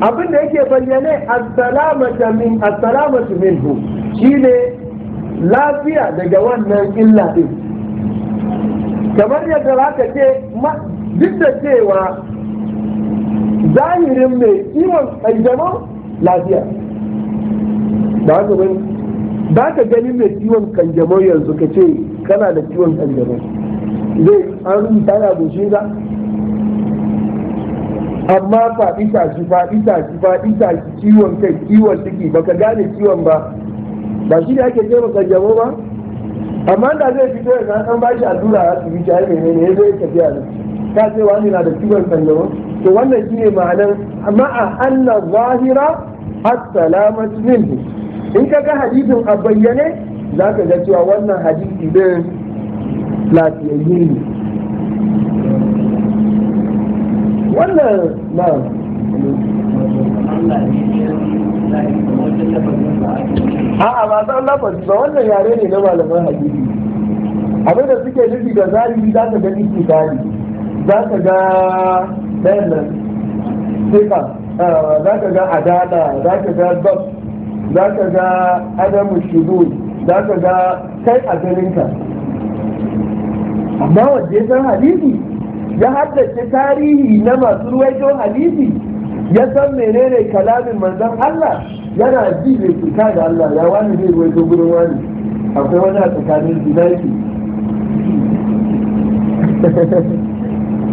abin da yake bayyane a salamata min as-salamatu minhu shine lafiya daga wannan illa din kamar yadda za ka ce duk da cewa zahirin mai iwon kanjamau lafiya ba ka ba ka gani mai ciwon kanjamau yanzu ka ce kana da ciwon kanjamau zai an ta ya goshe ka amma faɗi shi faɗi shi faɗi shi ciwon kai ciwon ciki ka gane ciwon ba ba shi da ake ce kanjamau ba amma da zai fito ya an ba shi allura a asibiti ai mai ne zai tafiya da ka ce wani na da ciwon sanyawa to wannan shine ma'anar amma a anna zahira as-salamat minhu in ka ga hadisin a bayyane za ka ga cewa wannan hadisi din lafiyayye ne wannan na a'a ba san lafaz ba wannan yare ne na malaman hadisi abin da suke nufi da zahiri za ka ga istidali za ka ga ɗayan eh, nan eh, za ka ga adala za ka ga bab za ka ga adamu za ka ga kai a garinka amma waje san hadisi ya haddace tarihi na masu ruwaito hadisi ya san menene kalamin manzon Allah yana ji bai tuka da Allah ya wani zai ruwaito gurin wani akwai wani a tsakanin jinaki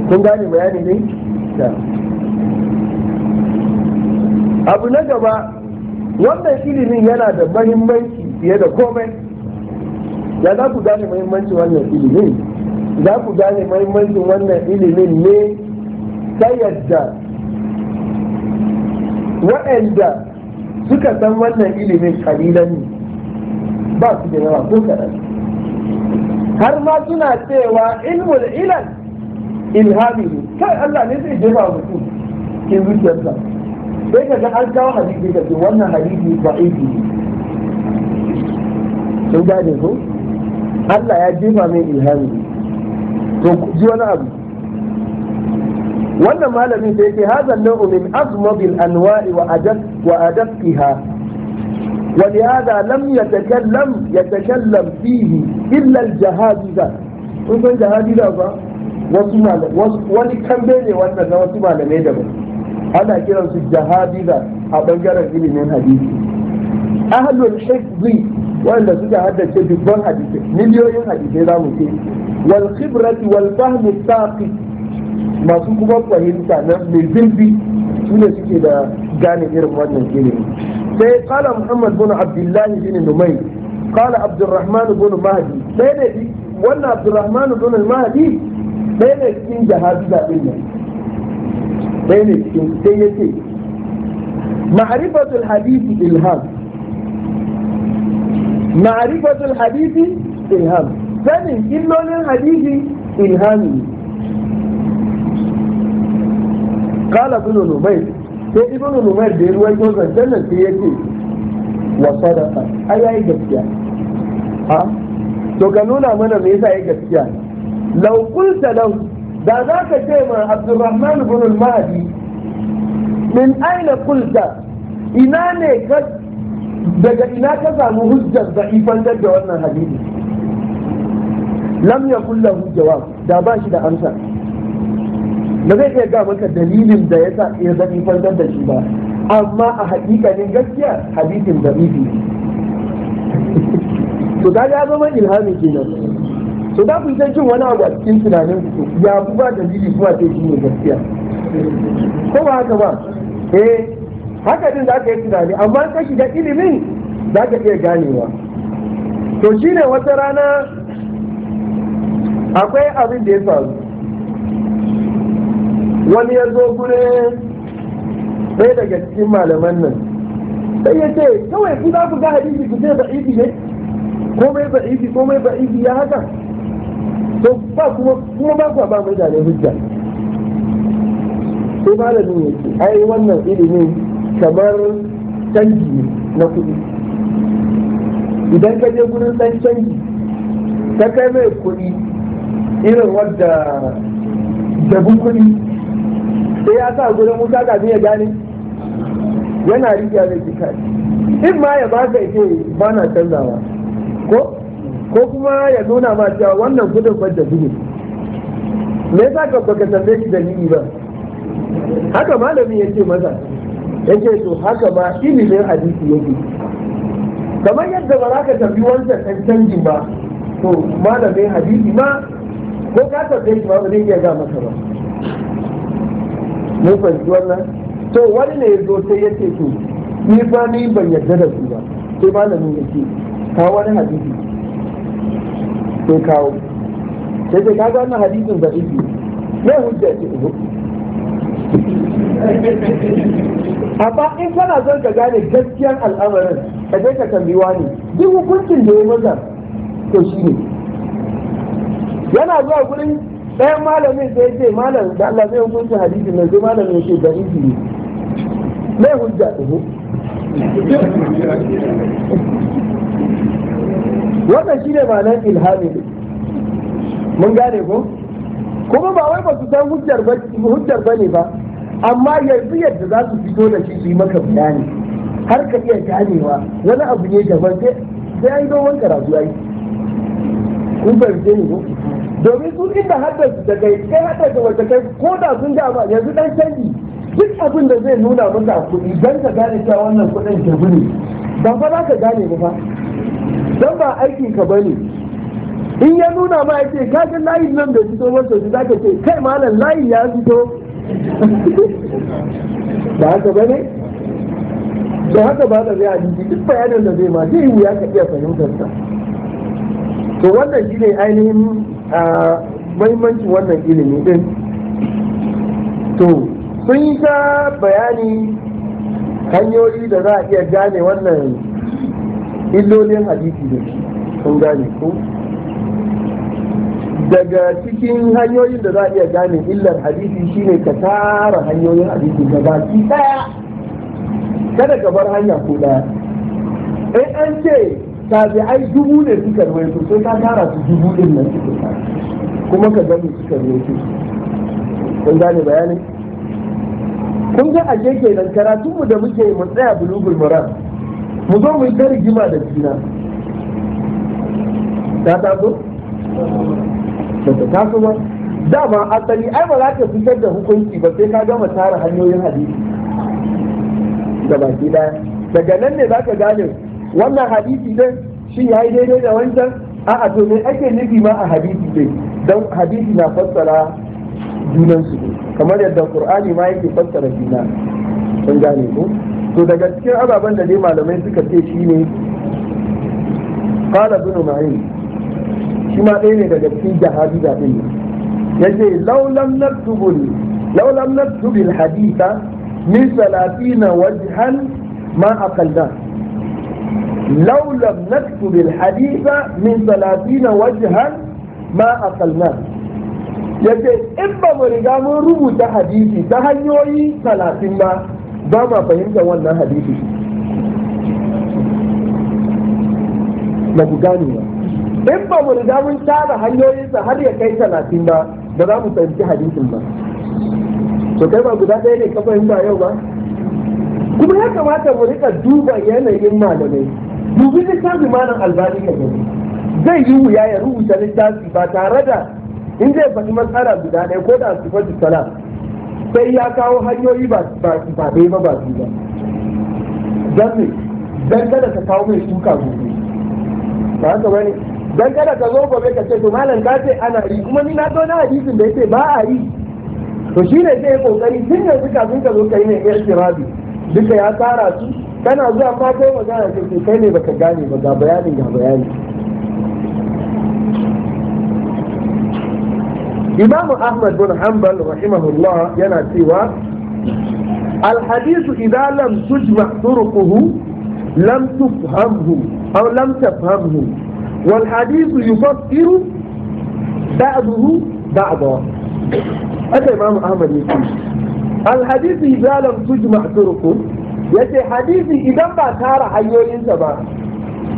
kun gane bayani ne abu na gaba wannan ilimin yana da mahimmanci fiye da komai ya za ku gane mahimmancin wannan ilimin za ku gane mahimmancin wannan ilimin ne ta yadda waɗanda suka san wannan ilimin kalilan ne ba su da yawa ko kaɗan har ma suna cewa ilmul ilal ilhami ne kai Allah ne zai jefa mutum cikin zuciyarsa sai ka ga an kawo hadisi ka ce wannan hadisi ba ibi ne sun gane ko Allah ya jefa mai ilhami to ji wani abu wannan malamin sai yake hadha nau'u min azmabil anwa'i wa adab wa adabha ولهذا لم يتكلم يتكلم فيه إلا الجهادزة kun san jihadida ba wasu wani kambe ne wannan na wasu malamai daban ana kiran su jihadida a bangaren ilimin hadisi ahlul hifzi wanda suka haddace dubban hadisi miliyoyin hadisai za mu ce wal khibrati wal fahmi saqi masu kuma fahimta na mai zurfi su ne suke da gane irin wannan ilimi sai kala muhammad bin abdullahi bin numai kala abdurrahman bin mahdi sai ne wannan abdurrahman bin mahdi sai ne cikin jahazi da din nan sai ne cikin sai ya ce ma'arifatul hadisi ilham ma'arifatul hadisi ilham sanin illolin hadisi ilhami kala ibn numayr sai ibn numayr da ya ruwaito zancen nan sai yake wa sadaqa ai yayi gaskiya ha to ga nuna mana me yasa yayi gaskiya law qulta law da za ka ce ma abdurrahman ibn al-mahdi min aina qulta ina ne ka daga ina ka samu hujjar da ifantar da wannan hadisi lam yakul lahu jawab da ba shi da amsa ba zai iya ga maka dalilin da ya sa ya zami kwantar da shi ba amma a haƙiƙanin gaskiya hadisin da bibi to da ya zama ilhami kenan to da ku san cin wani abu a cikin tunanin ku ya ku ba dalili kuma sai shi ne gaskiya ko ba haka ba eh haka din za ka yi tunani amma ka shiga ilimin za ka iya ganewa to shine wata rana akwai abin da ya faru wani ya zo gure ɗaya daga cikin malaman nan sai ya ce kawai ku za ku ga hadisi ku ce da'ifi ne komai ko mai da'ifi ya haka to ba kuma kuma ba ku ba mutane hujja sai malamin ya ce ai wannan ilimi kamar canji na kuɗi idan ka je gurin san canji ka kai mai kuɗi irin wadda dabu kuɗi da ya sa gudun wuta kafin ya gane yana riƙe da jika in ma ya baka ita ba na canzawa ko ko kuma ya nuna ma cewa wannan gudun ba da gudu me yasa ka baka tambaye shi nini ba haka malamin ce maza ce to haka ba ilimin hadisi yake kamar yadda ba za ka tambi wancan ɗan canji ba to malamin hadisi ma ko ka tambaye shi ba ba zai iya ga maka ba mun fahimci wannan to wani ne ya zo sai ya ce to ni ba ni ban yarda da su ba sai malamin ya ce kawo wani hadisi sai kawo sai sai kaga wannan hadisin da yake ne hujja ce uku amma in kana son ka gane gaskiyar al'amarin ka je ka tambi wani duk hukuncin da ya maza to shi ne yana zuwa gurin ɗayan malamin ya ce malam da Allah zai hukunci hadisi mai malam malamin ce da isi ne mai hujja ɗugu. wannan shi ne ma'anar ilhami ne mun gane ko kuma ba wai ba su san hujjar ba ne ba amma yanzu yadda za su fito da shi su yi maka bayani har ka iya ganewa wani abu ne daban sai an yi don wanka karatu ai kun fahimce ne ko domin su inda haddar da kai kai haddar da wata kai ko da sun ga ba yanzu dan canji duk abin da zai nuna maka a kuɗi don ka gane cewa wannan kuɗin ke ne ba fa za ka gane ba fa dan ba aikin ka bane in ya nuna ma yake ka ga layin nan da fito ba sosai za ka ce kai malam layin ya fito ba haka bane da haka ba da zai hadisi duk bayanin da zai ma zai wuya ka iya fahimtar sa to wannan shine ainihin a mahimmancin wannan ilimi din to sun yi ta bayani hanyoyi da za a iya gane wannan illolin hadisi da sun gane ko daga cikin hanyoyin da za a iya gane illar hadisi shine ka tara hanyoyin hadisi ga baki daya kada ka bar hanya ko daya in an ce tabi'ai dubu ne suka ruwaito sai ka tara su dubu din nan suka kuma ka gani suka ruwaito kun gane bayanin kun ga ke nan karatu mu da muke mu tsaya bulugul mara mu zo mu yi ta da juna ta taso ba ta taso ba dama asali ai ba za ka fitar da hukunci ba sai ka gama tara hanyoyin hadisi da baki daya daga nan ne za ka gane wannan hadisi din shi ya yi daidai da wancan a'a to me ake nufi ma a hadisi din don hadisi na fassara junansu? su kamar yadda qur'ani ma yake fassara juna kun gane ko to daga cikin ababen da dai malamai suka ce shine qala ibn ma'in shi ma ɗaya ne daga cikin jahabi da ɗin ce laulam naktubul laulam naktubul haditha min salatina wajhan ma aqalna لو لم نكتب الحديث من ثلاثين وجها ما أقلناه yace in ba mu riga mun rubuta hadisi ta hanyoyi talatin ba ba ma fahimta wannan hadisi ba ku gane ba in ba mu riga mun tara hanyoyinsa har ya kai talatin ba ba za mu fahimci hadisin ba to kai ba guda ɗaya ne ka fahimta yau ba kuma ya kamata mu rika duba yanayin malamai dubi littafi malam albani ka gani zai yi wuya ya rubuta littafi ba tare da in zai faɗi matsala guda ɗaya ko da su faɗi sala sai ya kawo hanyoyi ba ɗaya ba ba su ba don kada ka kawo mai shuka gobe ba ka bane don kada ka zo gobe ka ce to malam ka ce ana yi kuma ni na zo na hadisin da ya ce ba a yi to shine sai zai kokari tun yanzu kafin ka zo ka yi mai irtirabi duka ya tsara su kana zuwa ma kai magana ce kai ne baka gane ba ga bayani ga bayani Imam Ahmad bin Hanbal rahimahullah yana cewa الحديث إذا لم تجمع طرقه لم تفهمه أو لم تفهمه والحديث يفسر بعضه بعضا هذا إمام أحمد يقول الحديث إذا لم تجمع طرقه yace hadisi idan ba tara hanyoyinsa ba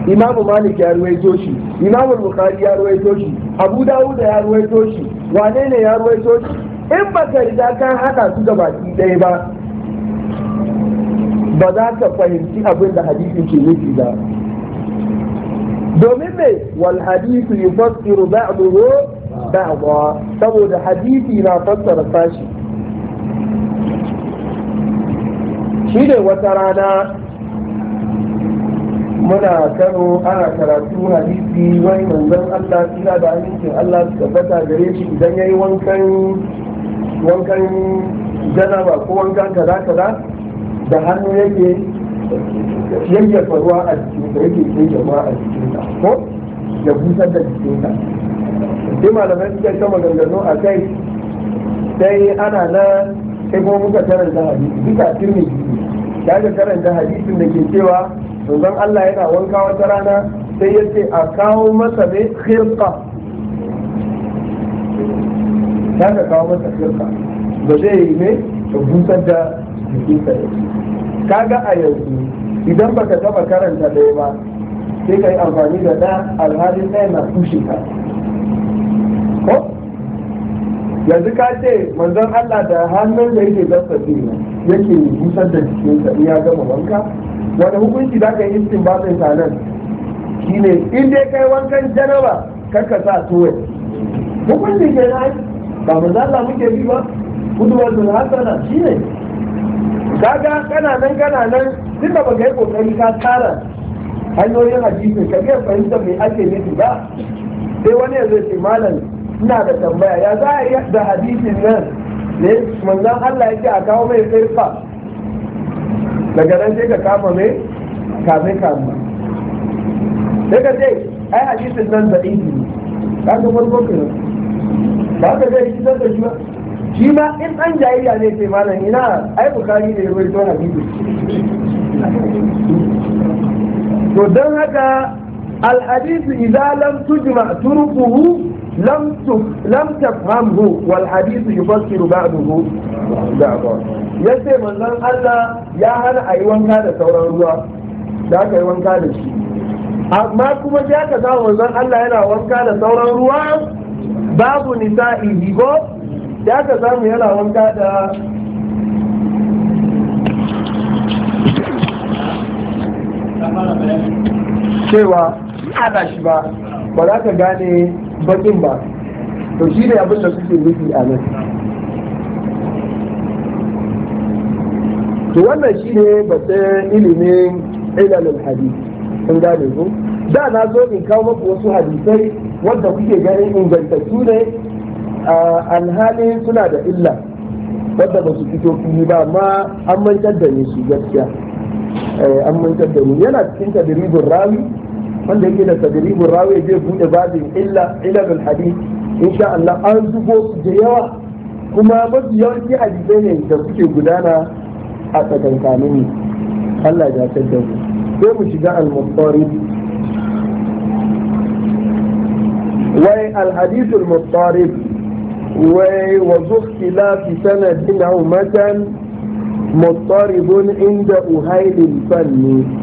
imamu malik ya ruwaito shi imamu bukhari ya ruwaito shi abu dawud ya ruwaito shi wane ne ya ruwaito shi in ba ka riga ka hada su da baki ɗaya ba ba za ka fahimci abin da hadisi ke nufi ba domin me wal hadisi yufassiru ba'dahu ba'dha saboda hadisi na fassara sashi shi ne wata rana muna kano ana karatu hadisi wani manzon Allah ina da amincin Allah su tabbata gare shi idan yayi wankan wankan janaba ko wankan kaza kaza da hannu yake yake faruwa a jikin da yake yayyafa jama'a a jikin ko ya busar da jikin ka sai malamai suka ta maganganu a kai sai ana nan sai kuma muka karanta hadisi duka tirmidhi da ga karanta hadisin da ke cewa manzon Allah yana wanka wata rana sai ya ce a kawo masa ne khirka ya ga kawo masa khirka ba zai yi ne ta busar da jikinsa ga a yanzu idan baka taba karanta ɗaya ba sai ka yi amfani da ɗa alhalin ɗaya na kushe ka yanzu ka ce manzon Allah da hannun da yake gaskace ne yake busar da jikinsa in ya gama wanka wani hukunci za ka yi zai sa nan ne, in dai kai wankan janaba kar ka sa tuwai hukunci ke na ba manzon Allah muke bi ba kuduwar sun hasana shine kaga kana nan kana nan duk da baka yi kokari ka tara hanyoyin hadisi ka biya fahimtar mai ake nufi ba sai wani ya zai ce malam ina da tambaya ya za a iya da hadisin nan ne manzan Allah yake a kawo mai kaifa daga nan sai ka kama mai kame kama sai ka ce ai hadisin nan da ɗinki ne ka ga farko ka ba ka ga rikitar da shi ba shi ma in an jayayya ne sai malam ina ai bukari da ya rawaito hadisi to don haka al-hadith idan lam tujma turuquhu لم لم تفهمه والحديث يفسر بعضه بعضا yace manzon Allah ya hana a yi wanka da sauran ruwa da aka yi wanka da shi amma kuma ya ka samu manzon Allah yana wanka da sauran ruwa babu nisa'i ko ya ka samu yana wanka da cewa ana shi ba ba za ka gane bakin ba to shi ne abin da suke nufi a nan to wannan shi ne batun ilimin ilalin hadis sun gane ku da na zo in kawo maku wasu hadisai wanda kuke ganin ingantattu ne alhali suna da illa wadda ba su fito fili ba amma an mantar da su gaskiya eh, an mantar da yana cikin tadiribin rami wanda yake da tadribin rawi zai bude babin illa ilal hadith insha Allah an zubo da yawa kuma mafi yawanci hadisai ne da suke gudana a tsakankanin Allah ya da mu sai mu shiga al muqtari wai al-hadith al muqtari wai wa zukhila fi sanadin matan مضطرب عند أهيل الفن